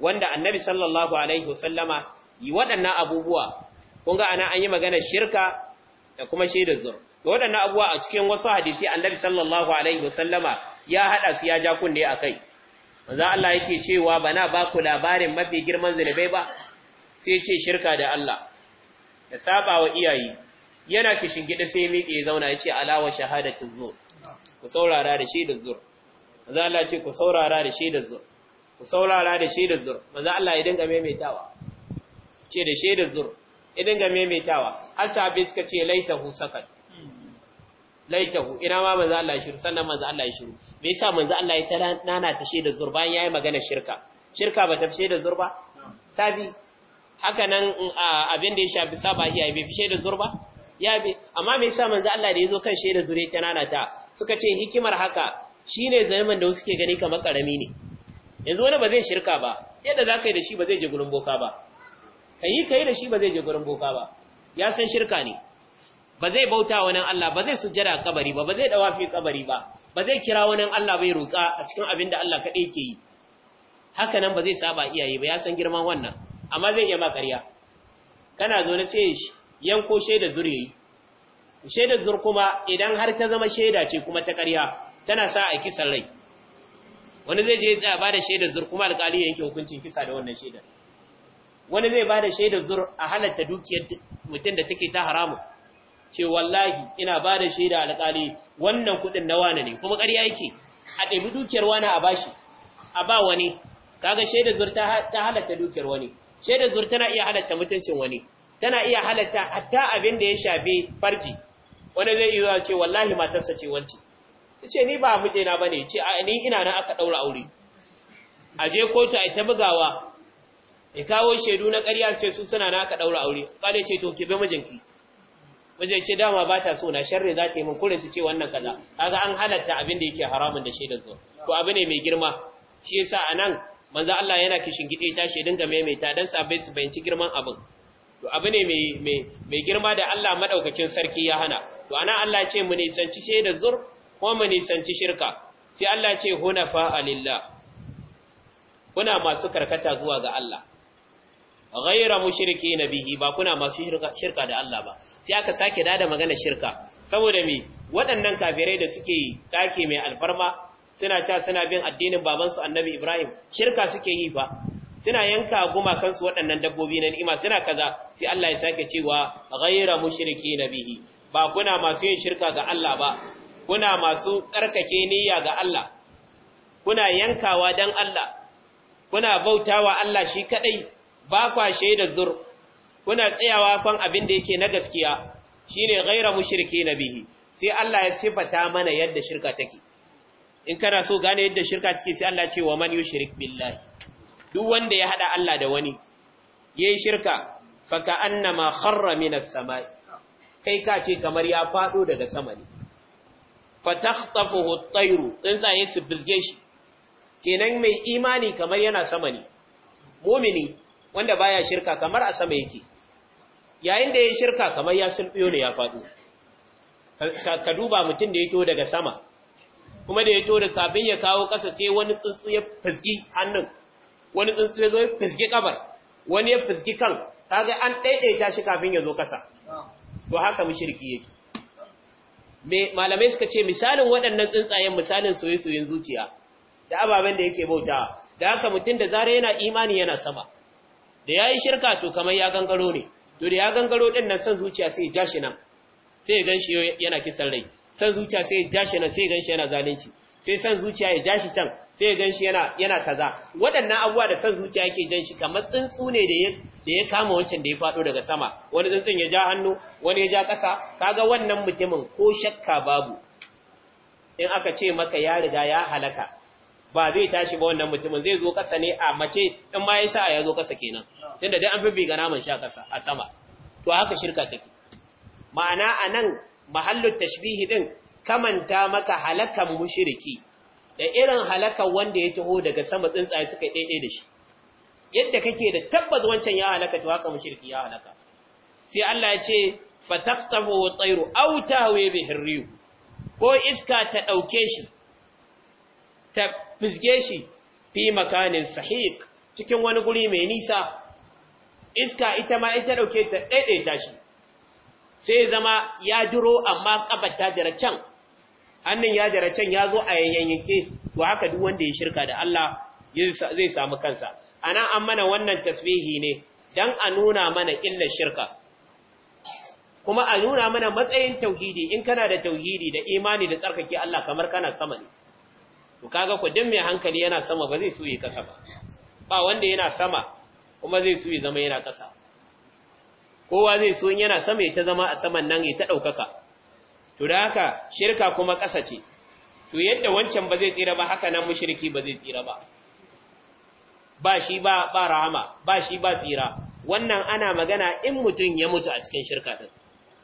wanda annabi sallallahu alaihi wasallama yi waɗannan abubuwa kun ga ana an yi magana shirka da kuma shaidar zur da waɗannan abubuwa a cikin wasu hadisi annabi sallallahu alaihi wasallama ya haɗa su ya ja kunne kai. manzo Allah yake cewa bana ba ku labarin mafi girman zunubai ba sai ce shirka da Allah da saba wa iyaye yana kishin gida sai miƙe ya zauna ya ce alawa shahadatu zur ku saurara da shaidar zur manzo Allah ce ku saurara da shaidar zur ku saurara da shaidar zur Maza Allah ya dinga maimaitawa ce da da zuru idan ga maimaitawa har sahabbai suka ce laitahu sakat laitahu ina ma manzo Allah ya shiru sannan manzo Allah ya shiru me yasa manzo Allah ya ta nana ta da zuru bayan yayi magana shirka shirka ba ta da zuru ba tabi haka nan abin da ya shafi yayi bai fi da zuru ba ya bi amma me yasa manzo Allah da yazo kan da zuru ya nana ta suka ce hikimar haka shine zaman da suke gani kamar karami ne yanzu wani ba zai shirka ba yadda zakai da shi ba zai je gurin boka ba Ka yi ka yi da shi ba zai je gurin boka ba ya san shirka ne ba zai bauta wani Allah ba zai sujjada kabari ba ba zai fi kabari ba ba zai kira wani Allah bai roƙa a cikin abin da Allah kaɗai ke yi haka nan ba zai saba iyaye ba ya san girman wannan amma zai iya ma ƙarya kana zo na ce yanko shaida zur yayi shaida zur kuma idan har ta zama shaida ce kuma ta ƙarya tana sa a kisan rai wani zai je ya ba da shaida zur kuma alƙali yanke hukuncin kisa da wannan shaidar wani zai bada shaidar zur a halatta dukiyar mutum da take ta haramu ce wallahi ina bada shaida alƙali wannan kuɗin na wani ne kuma ƙarya yake a ɗabi dukiyar wani a bashi a ba wani kaga shaidar zur ta halatta dukiyar wani shaidar zur tana iya halatta mutuncin wani tana iya halatta hatta abin da ya shafi farji wani zai iya ce wallahi matarsa ce wance ce ni ba mijina ne, ce ni ina nan aka ɗaura aure a je kotu ai ta bugawa ya kawo shaidu na ƙarya ce su suna na aka ɗaura aure ƙwale ce to kebe mijinki mijin ce dama ba ta so na sharri za ta yi min su ce wannan kaza kaga an halatta abin da yake haramun da shaidar zo to abu ne mai girma shi yasa anan manzo Allah yana kishin gida ta shaidun ga maimaita dan sabai su bayanci girman abin to abu ne mai girma da Allah madaukakin sarki ya hana to ana Allah ce mu nisanci shaidar zur ko mu nisanci shirka sai Allah ce hunafa alillah kuna masu karkata zuwa ga Allah ghaira mushriki na ba kuna masu shirka da Allah ba sai aka sake dada magana shirka saboda me waɗannan kafirai da suke take mai alfarma suna ca suna bin addinin babansu annabi Ibrahim shirka suke yi fa suna yanka gumakansu waɗannan dabbobi na ni'ima suna kaza sai Allah ya sake cewa ghaira mushriki nabihi ba kuna masu yin shirka ga Allah ba kuna masu tsarkake niyya ga Allah kuna yankawa dan Allah kuna bautawa Allah shi kadai ba kwa shaida zur kuna tsayawa kan abin da yake na gaskiya shine ghaira mushriki bihi sai Allah ya sifata mana yadda shirka take in kana so gane yadda shirka take sai Allah ce wa man yushrik billahi duk wanda ya hada Allah da wani yayi shirka fa ka annama kharra minas samai kai ka ce kamar ya fado daga sama ne fatakhtafuhu at-tayru tsuntsaye su bizge shi kenan mai imani kamar yana sama ne mumini wanda baya shirka kamar a sama yake yayin da ya shirka kamar ya sulbiyo ne ya faɗo ka duba mutum da ya to daga sama kuma da ya to da kafin ya kawo ƙasa sai wani tsuntsu ya fizgi hannun wani tsuntsu ya zo ya fizgi kabar wani ya fizgi kan kaga an ɗaiɗaita shi kafin ya zo ƙasa to haka mushriki yake me malamai suka ce misalin waɗannan tsuntsayen misalin soyayen-soyen zuciya da ababen da yake bautawa da haka mutum da zare yana imani yana sama da ya yi shirka to kamar ya gangaro ne to da ya gangaro ɗin nan san zuciya sai ja shi nan sai gan shi yana kisan rai san zuciya sai ja shi nan sai gan shi yana zalunci sai san zuciya ya ja shi can sai gan shi yana kaza waɗannan abubuwa da san zuciya yake jan shi kamar tsuntsu ne da ya da ya kama wancan da ya faɗo daga sama wani tsuntsun ya ja hannu wani ya ja ƙasa kaga wannan mutumin ko shakka babu in aka ce maka ya riga ya halaka ba zai tashi ba wannan mutumin zai zo kasa ne a mace in ma ya sha ya zo kasa kenan tunda dai an fi bibbiga naman sha kasa a sama to haka shirka take ma'ana anan mahallu tashbihi din kamanta maka halakan mushriki da irin halakan wanda ya taho daga sama tsuntsaye suka dade da shi yadda kake da tabbas wancan ya halaka to haka mushriki ya halaka sai Allah ya ce fataqtahu tayru aw tahwi bihi riyu ko iska ta dauke shi ta fizge shi fi makanin sahiq cikin wani guri mai nisa iska ita ma ita dauke ta daidaita shi sai zama ya jiro amma kabar ta can hannun ya jira can ya zo a yayyanke to haka duk wanda ya shirka da Allah zai samu kansa ana an mana wannan tasbihi ne dan a nuna mana illar shirka kuma a nuna mana matsayin tauhidi in kana da tauhidi da imani da tsarkake Allah kamar kana sama ne to kaga ku dan mai hankali yana sama ba zai so yi kasa ba ba wanda yana sama kuma zai so yi zama yana kasa kowa zai so yana sama ya ta zama a saman nan ya ta daukaka to da haka shirka kuma kasa ce to yadda wancan ba zai tsira ba haka nan mushriki ba zai tsira ba ba shi ba ba rahama ba shi ba tsira wannan ana magana in mutum ya mutu a cikin shirka din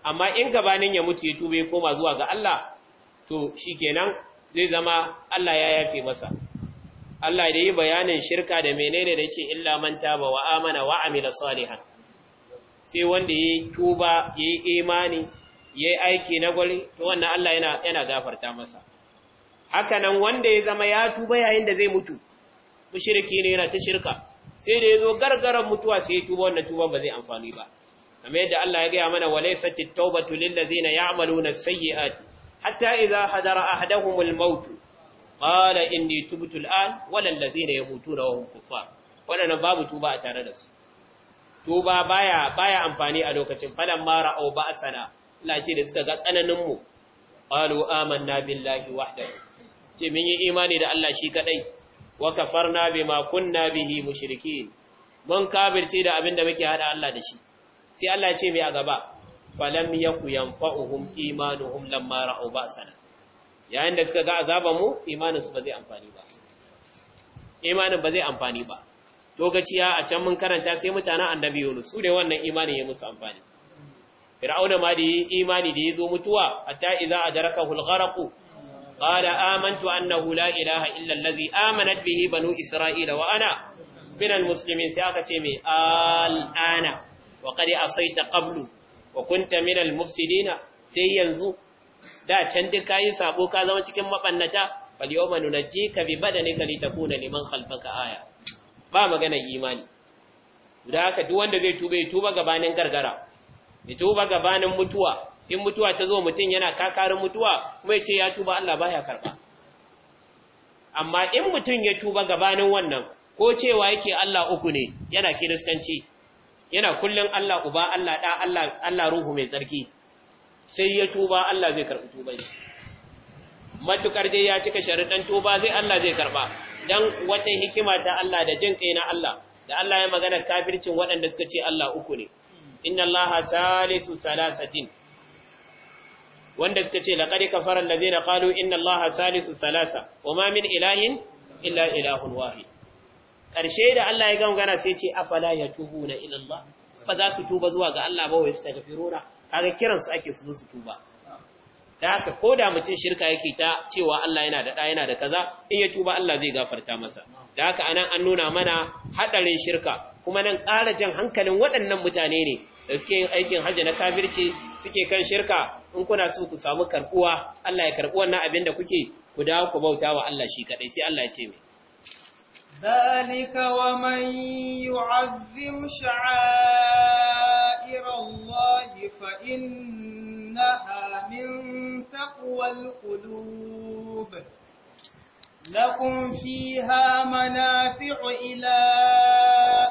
amma in gabanin ya mutu ya tube koma zuwa ga Allah to shikenan zai zama Allah ya yafe masa Allah da yi bayanin shirka da menene da ce illa manta taba wa amana wa amila salihan sai wanda yi tuba yayi imani yayi aiki na gwali to wannan Allah yana gafarta masa haka nan wanda ya zama ya tuba yayin da zai mutu mushriki ne yana ta shirka sai da ya zo gargaran mutuwa sai tuba wannan tuban ba zai amfani ba kamar yadda Allah ya gaya mana walaysatit tawbatu lil na ya'maluna sayyi'ati hatta idza hadara ahaduhumul maut qala inni tubtu al'an wala allazina yamutuna wa hum kuffar babu tuba tare da su tuba baya amfani a lokacin falan mara au ba'sana Allah ce da suka ga tsananin mu qalu amanna billahi wahdahu ce mun yi imani da Allah shi kadai wa kafarna bima kunna bihi mushrikeen mun kafirce da abin da muke haɗa Allah da shi sai Allah ce mai a gaba falam yaku yanfa'uhum imanuhum lamma ra'u ba'sana yayin da suka ga azaban mu imanin su ba zai amfani ba imanin ba zai amfani ba lokaci ya a can mun karanta sai mutanen annabi Yunus su ne wannan imanin ya musu amfani fir'auna ma da yi imani da ya zo mutuwa hatta idza adrakahu al-gharq qala amantu annahu la ilaha illa allazi amanat bihi banu isra'ila wa ana min al-muslimin sai aka ce mai al-ana wa qad asayta wa kunta al mufsidina sai yanzu da can duk yi sabo ka zama cikin mabannata fal yawma ka bi badanika takuna liman khalfaka aya ba magana imani da haka duk wanda zai tuba ya tuba gabanin gargara ya tuba gabanin mutuwa in mutuwa ta zo mutum yana kakarin mutuwa kuma ya ce ya tuba Allah baya karba amma in mutum ya tuba gabanin wannan ko cewa yake Allah uku ne yana kiristanci yana kullum Allah uba Allah ɗa, Allah Allah ruhu mai tsarki sai ya tuba Allah zai karbi tuban matukar dai ya cika sharuɗan tuba zai Allah zai karɓa. dan wata hikima ta Allah da jin kai na Allah da Allah ya magana kafircin waɗanda suka ce Allah uku ne inna Allah salisu salasatin wanda suka ce laqad kafara allazina qalu inna Allah salisu salasa wama min ilahin illa ilahun wahid Karshe da Allah ya gama gana sai ce afala ya tubu na ilallah ba za su tuba zuwa ga Allah ba wai su firona, kaga kiran su ake su zo su tuba da haka ko da mutum shirka yake ta cewa Allah yana da ɗa yana da kaza in ya tuba Allah zai gafarta masa da haka anan an nuna mana hadarin shirka kuma nan ƙara jan hankalin waɗannan mutane ne da suke yin aikin hajji na kafirci suke kan shirka in kuna so ku samu karɓuwa, Allah ya karbi wannan abin da kuke ku dawo ku bauta wa Allah shi kadai sai Allah ya ce mai ذلك ومن يعظم شعائر الله فإنها من تقوى القلوب لكم فيها منافع إلى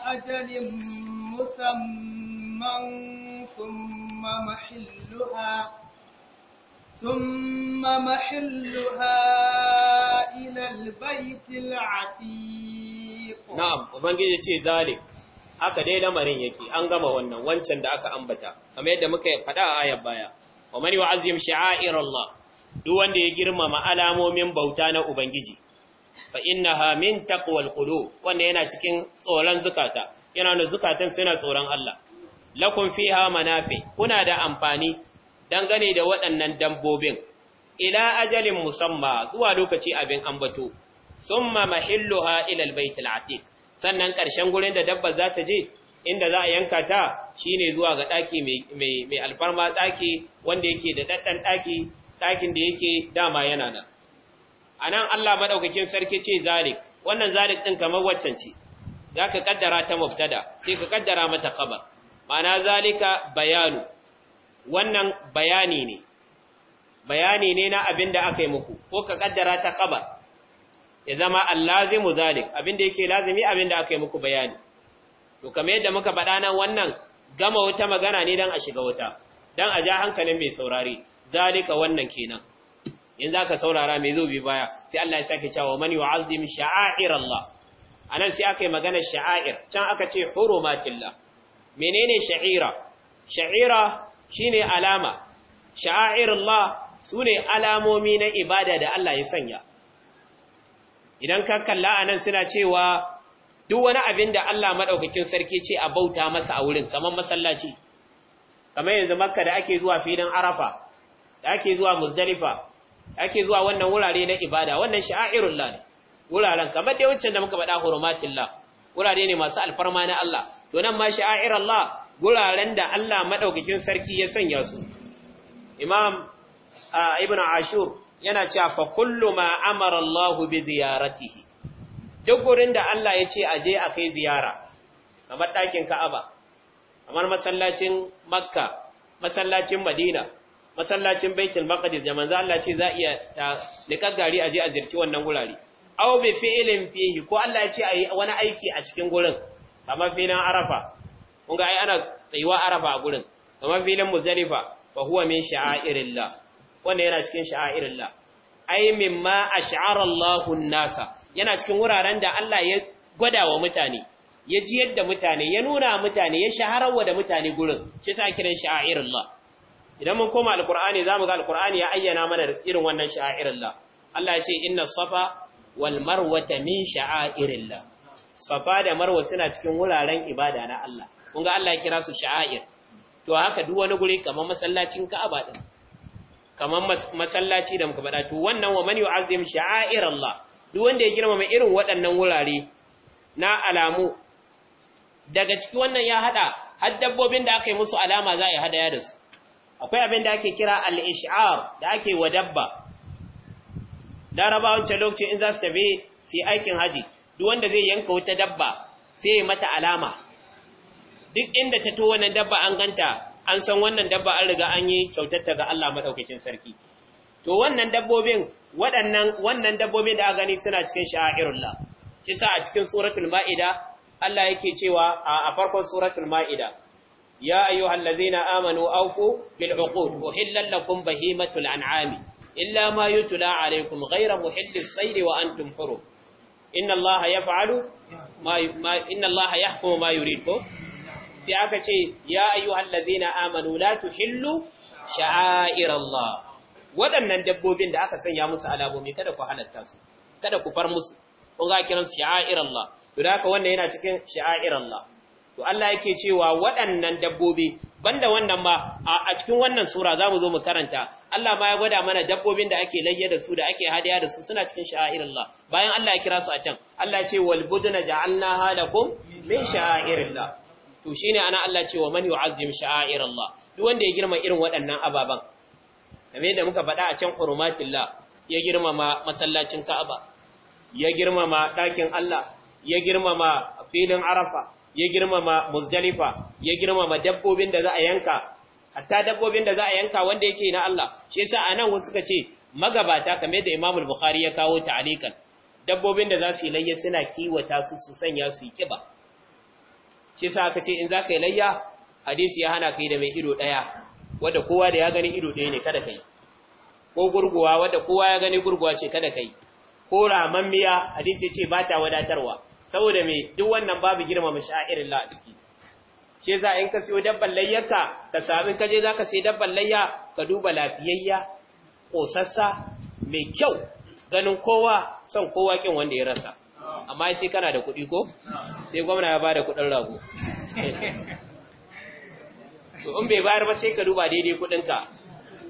أجل مسمى ثم محلها ثم محلها إلى البيت العتيق نعم وبنجي ce ذلك haka dai lamarin yake an gama wannan wancan da aka ambata kamar yadda muka faɗa a ayar baya wa man yu'azzim sha'air duk wanda ya girmama alamomin bauta na ubangiji fa innaha min taqwal qulub wanda yana cikin tsoron zukata yana da zukatan suna tsoron Allah lakum fiha manafi kuna da amfani dangane da waɗannan dambobin ila ajalin musamma zuwa lokaci abin ambato summa mahilluha ila ilalbai alatiq sannan ƙarshen gurin da dabbar za ta je inda za a yanka ta shi ne zuwa ga ɗaki mai alfarma ɗaki wanda yake da ɗaɗɗan ɗaki, ɗakin da yake dama yana nan A nan Allah maɗaukakin sarki ce zalik wannan zalik ɗin kamar waccan ce za ka ƙaddara ta mubtada sai ka ƙaddara mata khabar ma'ana zalika bayanu wannan bayani ne bayani ne na abin da aka yi muku ko ka kaddara ta kabar ya zama allazimu zalik abin da yake lazimi abin da aka yi muku bayani to kamar yadda muka faɗa nan wannan gama wata magana ne dan a shiga wuta dan a ja hankalin mai saurari zalika wannan kenan in zaka saurara mai zo bi baya sai Allah ya sake cewa man yu'azzim sha'air Allah anan sai aka yi magana sha'air can aka ce hurumatillah menene sha'ira sha'ira Shi ne alama sha'airullah sune alamomi na ibada da Allah ya sanya idan ka kalla a nan suna cewa duk wani abin da Allah Maɗaukakin sarki ce a bauta masa a wurin kamar masallaci kamar yanzu makka da ake zuwa filin arafa da ake zuwa muzdalifa ake zuwa wannan wurare na ibada wannan sha'airullah ne wuraren kamar da yawancin da muka faɗa Allah, wurare ne masu alfarma na Allah to nan ma sha'airullah guraren da Allah madaukakin sarki ya sanya su imam ibn ashur yana cewa fa kullu ma amara Allah bi ziyaratihi duk gurin da Allah ya ce a je a kai ziyara kamar ɗakin Ka'aba kamar masallacin Makka masallacin Madina masallacin Baitul Maqdis da manzo Allah ce za a iya ta gari a je a zirci wannan gurare aw bi fi'lin fihi ko Allah ya ce a yi wani aiki a cikin gurin kamar filin Arafa kun ga ai ana tsayuwa arafa a gurin kamar filin muzalifa fa huwa min la. wannan yana cikin sha'airillah ai mimma ash'ara Allahu nasa yana cikin wuraren da Allah ya gwada wa mutane ya ji yadda mutane ya nuna mutane ya shaharawa da mutane gurin shi sa kiran la. idan mun koma alqur'ani zamu ga alqur'ani ya ayyana mana irin wannan la. Allah ya ce inna safa wal marwa min sha'airillah safa da marwa suna cikin wuraren ibada na Allah kun ga Allah ya kira su sha'ir to haka duk wani guri kamar masallacin Ka'aba din kamar masallaci da muka faɗa to wannan wa man yu'azzim sha'ir Allah duk wanda ya girmama irin waɗannan wurare na alamu daga ciki wannan ya hada har dabbobin da aka yi musu alama za a yi hadaya da su akwai abin da ake kira al-ish'ar da ake wa dabba larabawa ce lokacin in za su tafi su yi aikin haji duk wanda zai yanka wata dabba sai mata alama duk inda ta to wannan dabba an ganta an san wannan dabba an riga an yi kyautarta ga Allah madaukakin sarki to wannan dabbobin waɗannan wannan dabbobin da aka gani suna cikin sha'irullah shi sa a cikin suratul ma'ida Allah yake cewa a farkon suratul ma'ida ya ayyuhallazina amanu awfu bil uqud uhillal lakum bahimatul an'ami illa ma yutla alaykum ghayra muhillis sayr wa antum hurum inna allaha yaf'alu ma inna allaha yahkumu ma sai aka ce ya ayyuhal ladzina amanu la tuhillu sha'airallah waɗannan dabbobin da aka sanya musu alamomi kada ku halatta su kada ku far musu kun ga kiran su sha'airallah to da haka wannan yana cikin sha'airallah to Allah yake cewa waɗannan dabbobi banda wannan ma a cikin wannan sura zamu zo mu karanta Allah ma ya gwada mana dabbobin da ake layya da su da ake hadiya da su suna cikin sha'airallah bayan Allah ya kira su a can Allah ya ce wal budna ja'alnaha lakum min sha'airillah to shi ne ana Allah ce wa cewa azim yu'azzim Allah duk wanda ya girma irin waɗannan ababan kame da muka faɗa a can la ya girmama masallacin Ka'aba ya girmama ɗakin Allah ya girmama filin Arafa ya girmama Muzdalifa ya girmama dabbobin da za a yanka hatta dabbobin da za a yanka wanda yake na Allah shi yasa anan wasu ka ce magabata kame da Imam bukhari ya kawo ta'alikan dabbobin da za su yi layya suna kiwata su su sanya su yi kiba shi yasa aka ce in za ka yi layya hadisi ya hana kai da mai ido ɗaya wadda kowa da ya gani ido ɗaya ne kada kai ko gurguwa wadda kowa ya gani gurguwa ce kada kai ko ramammiya hadisi ce ba ta wadatarwa saboda me duk wannan babu girmama sha'irin la a ciki She za in ka siyo dabban layyarka ka sami ka je za ka sai dabban layya ka duba lafiyayya ƙosassa mai kyau ganin kowa son kowa ƙin wanda ya rasa amma sai kana da kuɗi ko sai gwamna ya bada kuɗin rago to in bai bayar ba sai ka duba daidai kuɗinka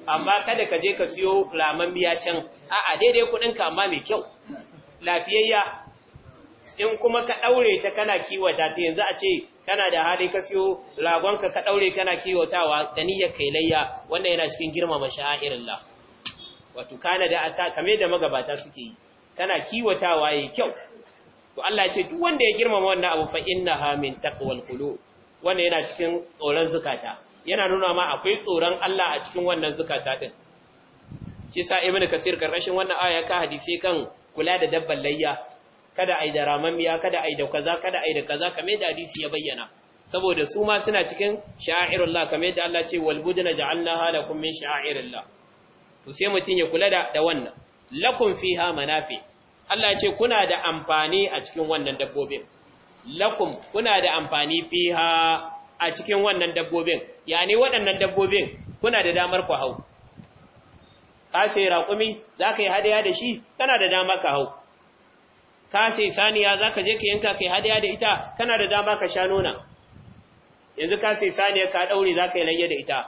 amma kada ka je ka siyo lamammiya can a'a daidai kuɗinka amma mai kyau lafiyayya in kuma ka ɗaure ta kana kiwata ta yanzu a ce kana da hali ka siyo lagonka ka ɗaure kana kiwatawa da niyyar kailayya wannan yana cikin girmama sha'a wato kana da ata kame da magabata suke yi kana kiwatawa yayi kyau to Allah ya ce duk wanda ya girmama wannan abu fa innaha min taqwal qulub wannan yana cikin tsoron zakata yana nuna ma akwai tsoron Allah a cikin wannan zakata din shi sa ibnu kasir karkashin wannan aya ka hadisi kan kula da dabban layya kada ai da ramamiya kada ai da kaza kada ai da kaza kamar da hadisi ya bayyana saboda su ma suna cikin sha'irullah kamar yadda Allah ce wal budna ja'alnaha lakum min sha'airillah to sai mutun ya kula da da wannan lakum fiha manafi Allah ce kuna da amfani a cikin wannan dabbobin lakum kuna da amfani fiha a cikin wannan dabbobin yani waɗannan dabbobin kuna da damar ku hau ka sai raƙumi za ka yi hadaya da shi kana da damar ka hau ka saniya za ka je ka yanka ka yi hadaya da ita kana da damar ka sha nona yanzu ka saniya ka daure za ka yi layya da ita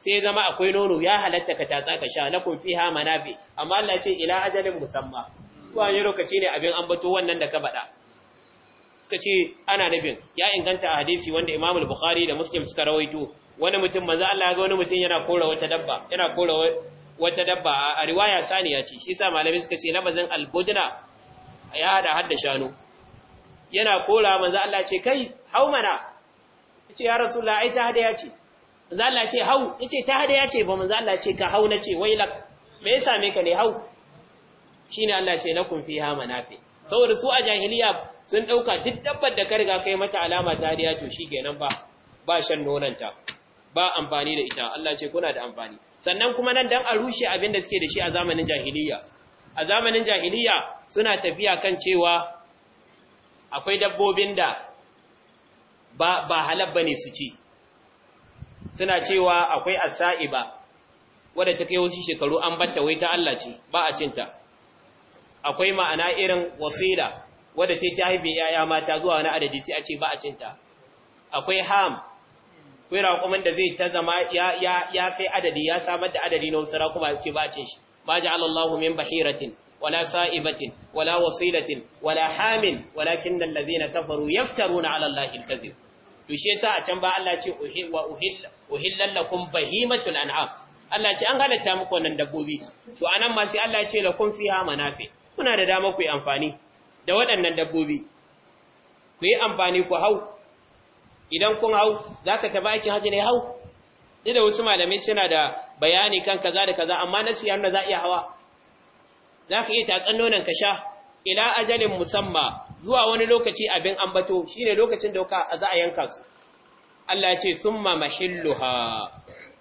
sai zama akwai nono ya halatta ka tatsa ka sha lakum kun fi amma Allah ce ila ajalin musamma wani lokaci ne abin ambato wannan da ka bada suka ce ana nufin ya inganta a hadisi wanda Imam Bukhari da Muslim suka rawaito wani mutum manzo Allah ga wani mutum yana kora wata dabba yana kora wata dabba a riwaya saniya ce shi yasa malami suka ce labazin al-budna ya hada hadda shanu yana kora manzo Allah ce kai hau mana yace ya rasulullah ai ta hada yace manzo Allah ce hau yace ta hada yace ba manzo Allah ce ka hau nace wailak me yasa me ka ne hau shine Allah ce lakum fiha manafi saboda su a jahiliya sun dauka duk dabbar da ka riga kai mata alama tariya to shikenan ba ba shan nonanta ba amfani da ita Allah ce kuna da amfani sannan kuma nan dan a rushe abin da suke da shi a zamanin jahiliya a zamanin jahiliya suna tafiya kan cewa akwai dabbobin da ba ba halal bane su ci suna cewa akwai asa'iba wadda take wasu shekaru an batta wai ta Allah ce ba a cinta akwai ma'ana irin wasila wadda ce ta haife ‘ya'ya mata zuwa wani adadi sai a ce ba a cinta akwai ham akwai raƙumin da zai ta zama ya kai adadi ya samar da adadi na wasu raƙuma a ce ba a cin shi ji alallahu min bahiratin wala sa'ibatin wala wasilatin wala hamin walakin nan na kafaru yaftaruna ala Allah ilkazir to shi yasa a can ba Allah ce wa uhillan lakum bahimatul an'am Allah ce an halatta muku wannan dabbobi to anan ma sai Allah ce lakum fiha manafi' kuna da dama ku yi amfani da waɗannan dabbobi ku yi amfani ku hau idan kun hau za ka taɓa aikin hajji ne hau da wasu malamai suna da bayani kan kaza da kaza amma na siya za iya hawa za ka iya tatsan nonon ka sha ila ajalin musamma zuwa wani lokaci abin ambato shine lokacin da za a yanka su Allah ce sun summa mahilluha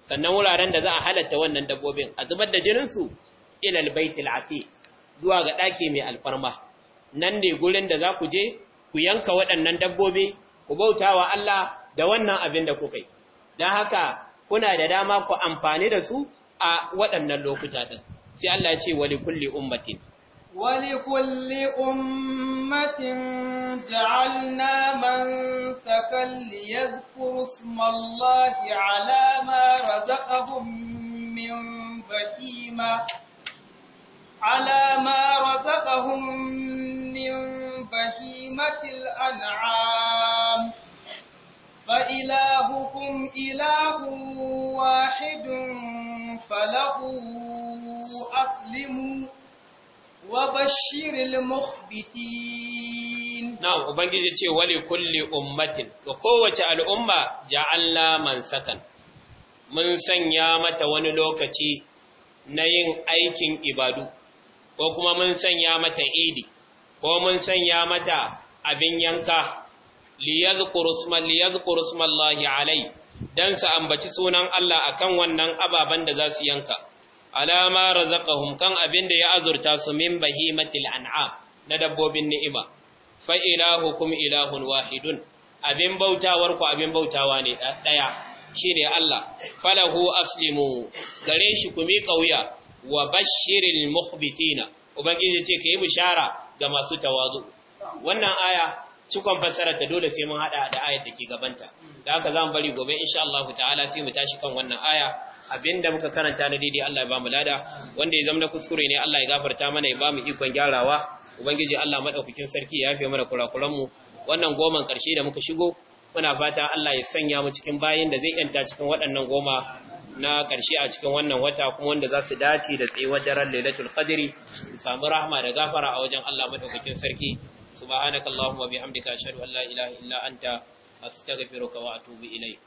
sannan wuraren da za a halatta wannan dabbobin a zubar da jininsu ilal baitul aqiq zuwa ga ɗaki mai alfarma nan ne gurin da za ku je ku yanka waɗannan dabbobi ku bauta wa Allah da wannan abin da kuka yi don haka kuna da dama ku amfani da su a waɗannan lokuta ɗin sai Allah ya ce wa likulli ummatin wa likulli ummatin ja'alna man sakal liyadhkuru ismallahi ala ma razaqahum min fatima ala ma razaqahum min bahimatil an'am fa ilahukum ilahu wahidun falahu aslimu wa bashiril mukhbitin na'am ubangiji ce wali kulli ummatin ga kowace al'umma ja'alla man sakan mun sanya mata wani lokaci na yin aikin ibadu ko kuma mun sanya mata idi ko mun sanya mata abin yanka liyazkuru smallahi alai dan su ambaci sunan Allah akan wannan ababan da za su yanka alama razaqahum kan abin da ya azurta su min bahimatil an'am na dabbobin ni'ima fa ilahukum ilahun wahidun abin bautawar ku abin bautawa ne daya shine Allah falahu aslimu gare shi ku mi kauya wa bashirin mukhbitina ubangiji ce ka kai bishara ga masu tawazu wannan aya cikon fassara ta dole sai mun hada da ayar da ke gabanta da haka zamu bari gobe insha Allah ta'ala sai mu tashi kan wannan aya abinda muka karanta na daidai Allah ya ba mu lada wanda ya zama kuskure ne Allah ya gafarta mana ya ba mu ikon gyarawa ubangiji Allah madaukakin sarki ya yafe mana kurakuran mu wannan goman karshe da muka shigo muna fata Allah ya sanya mu cikin bayin da zai yanta cikin waɗannan goma na ƙarshe a cikin wannan wata kuma wanda za su dace da tsayuwar daren lailatul qadri samu rahma da gafara a wajen Allah madaukakin sarki subhanakallahumma bihamdika ashhadu an la ilaha illa anta astaghfiruka wa atubu ilaik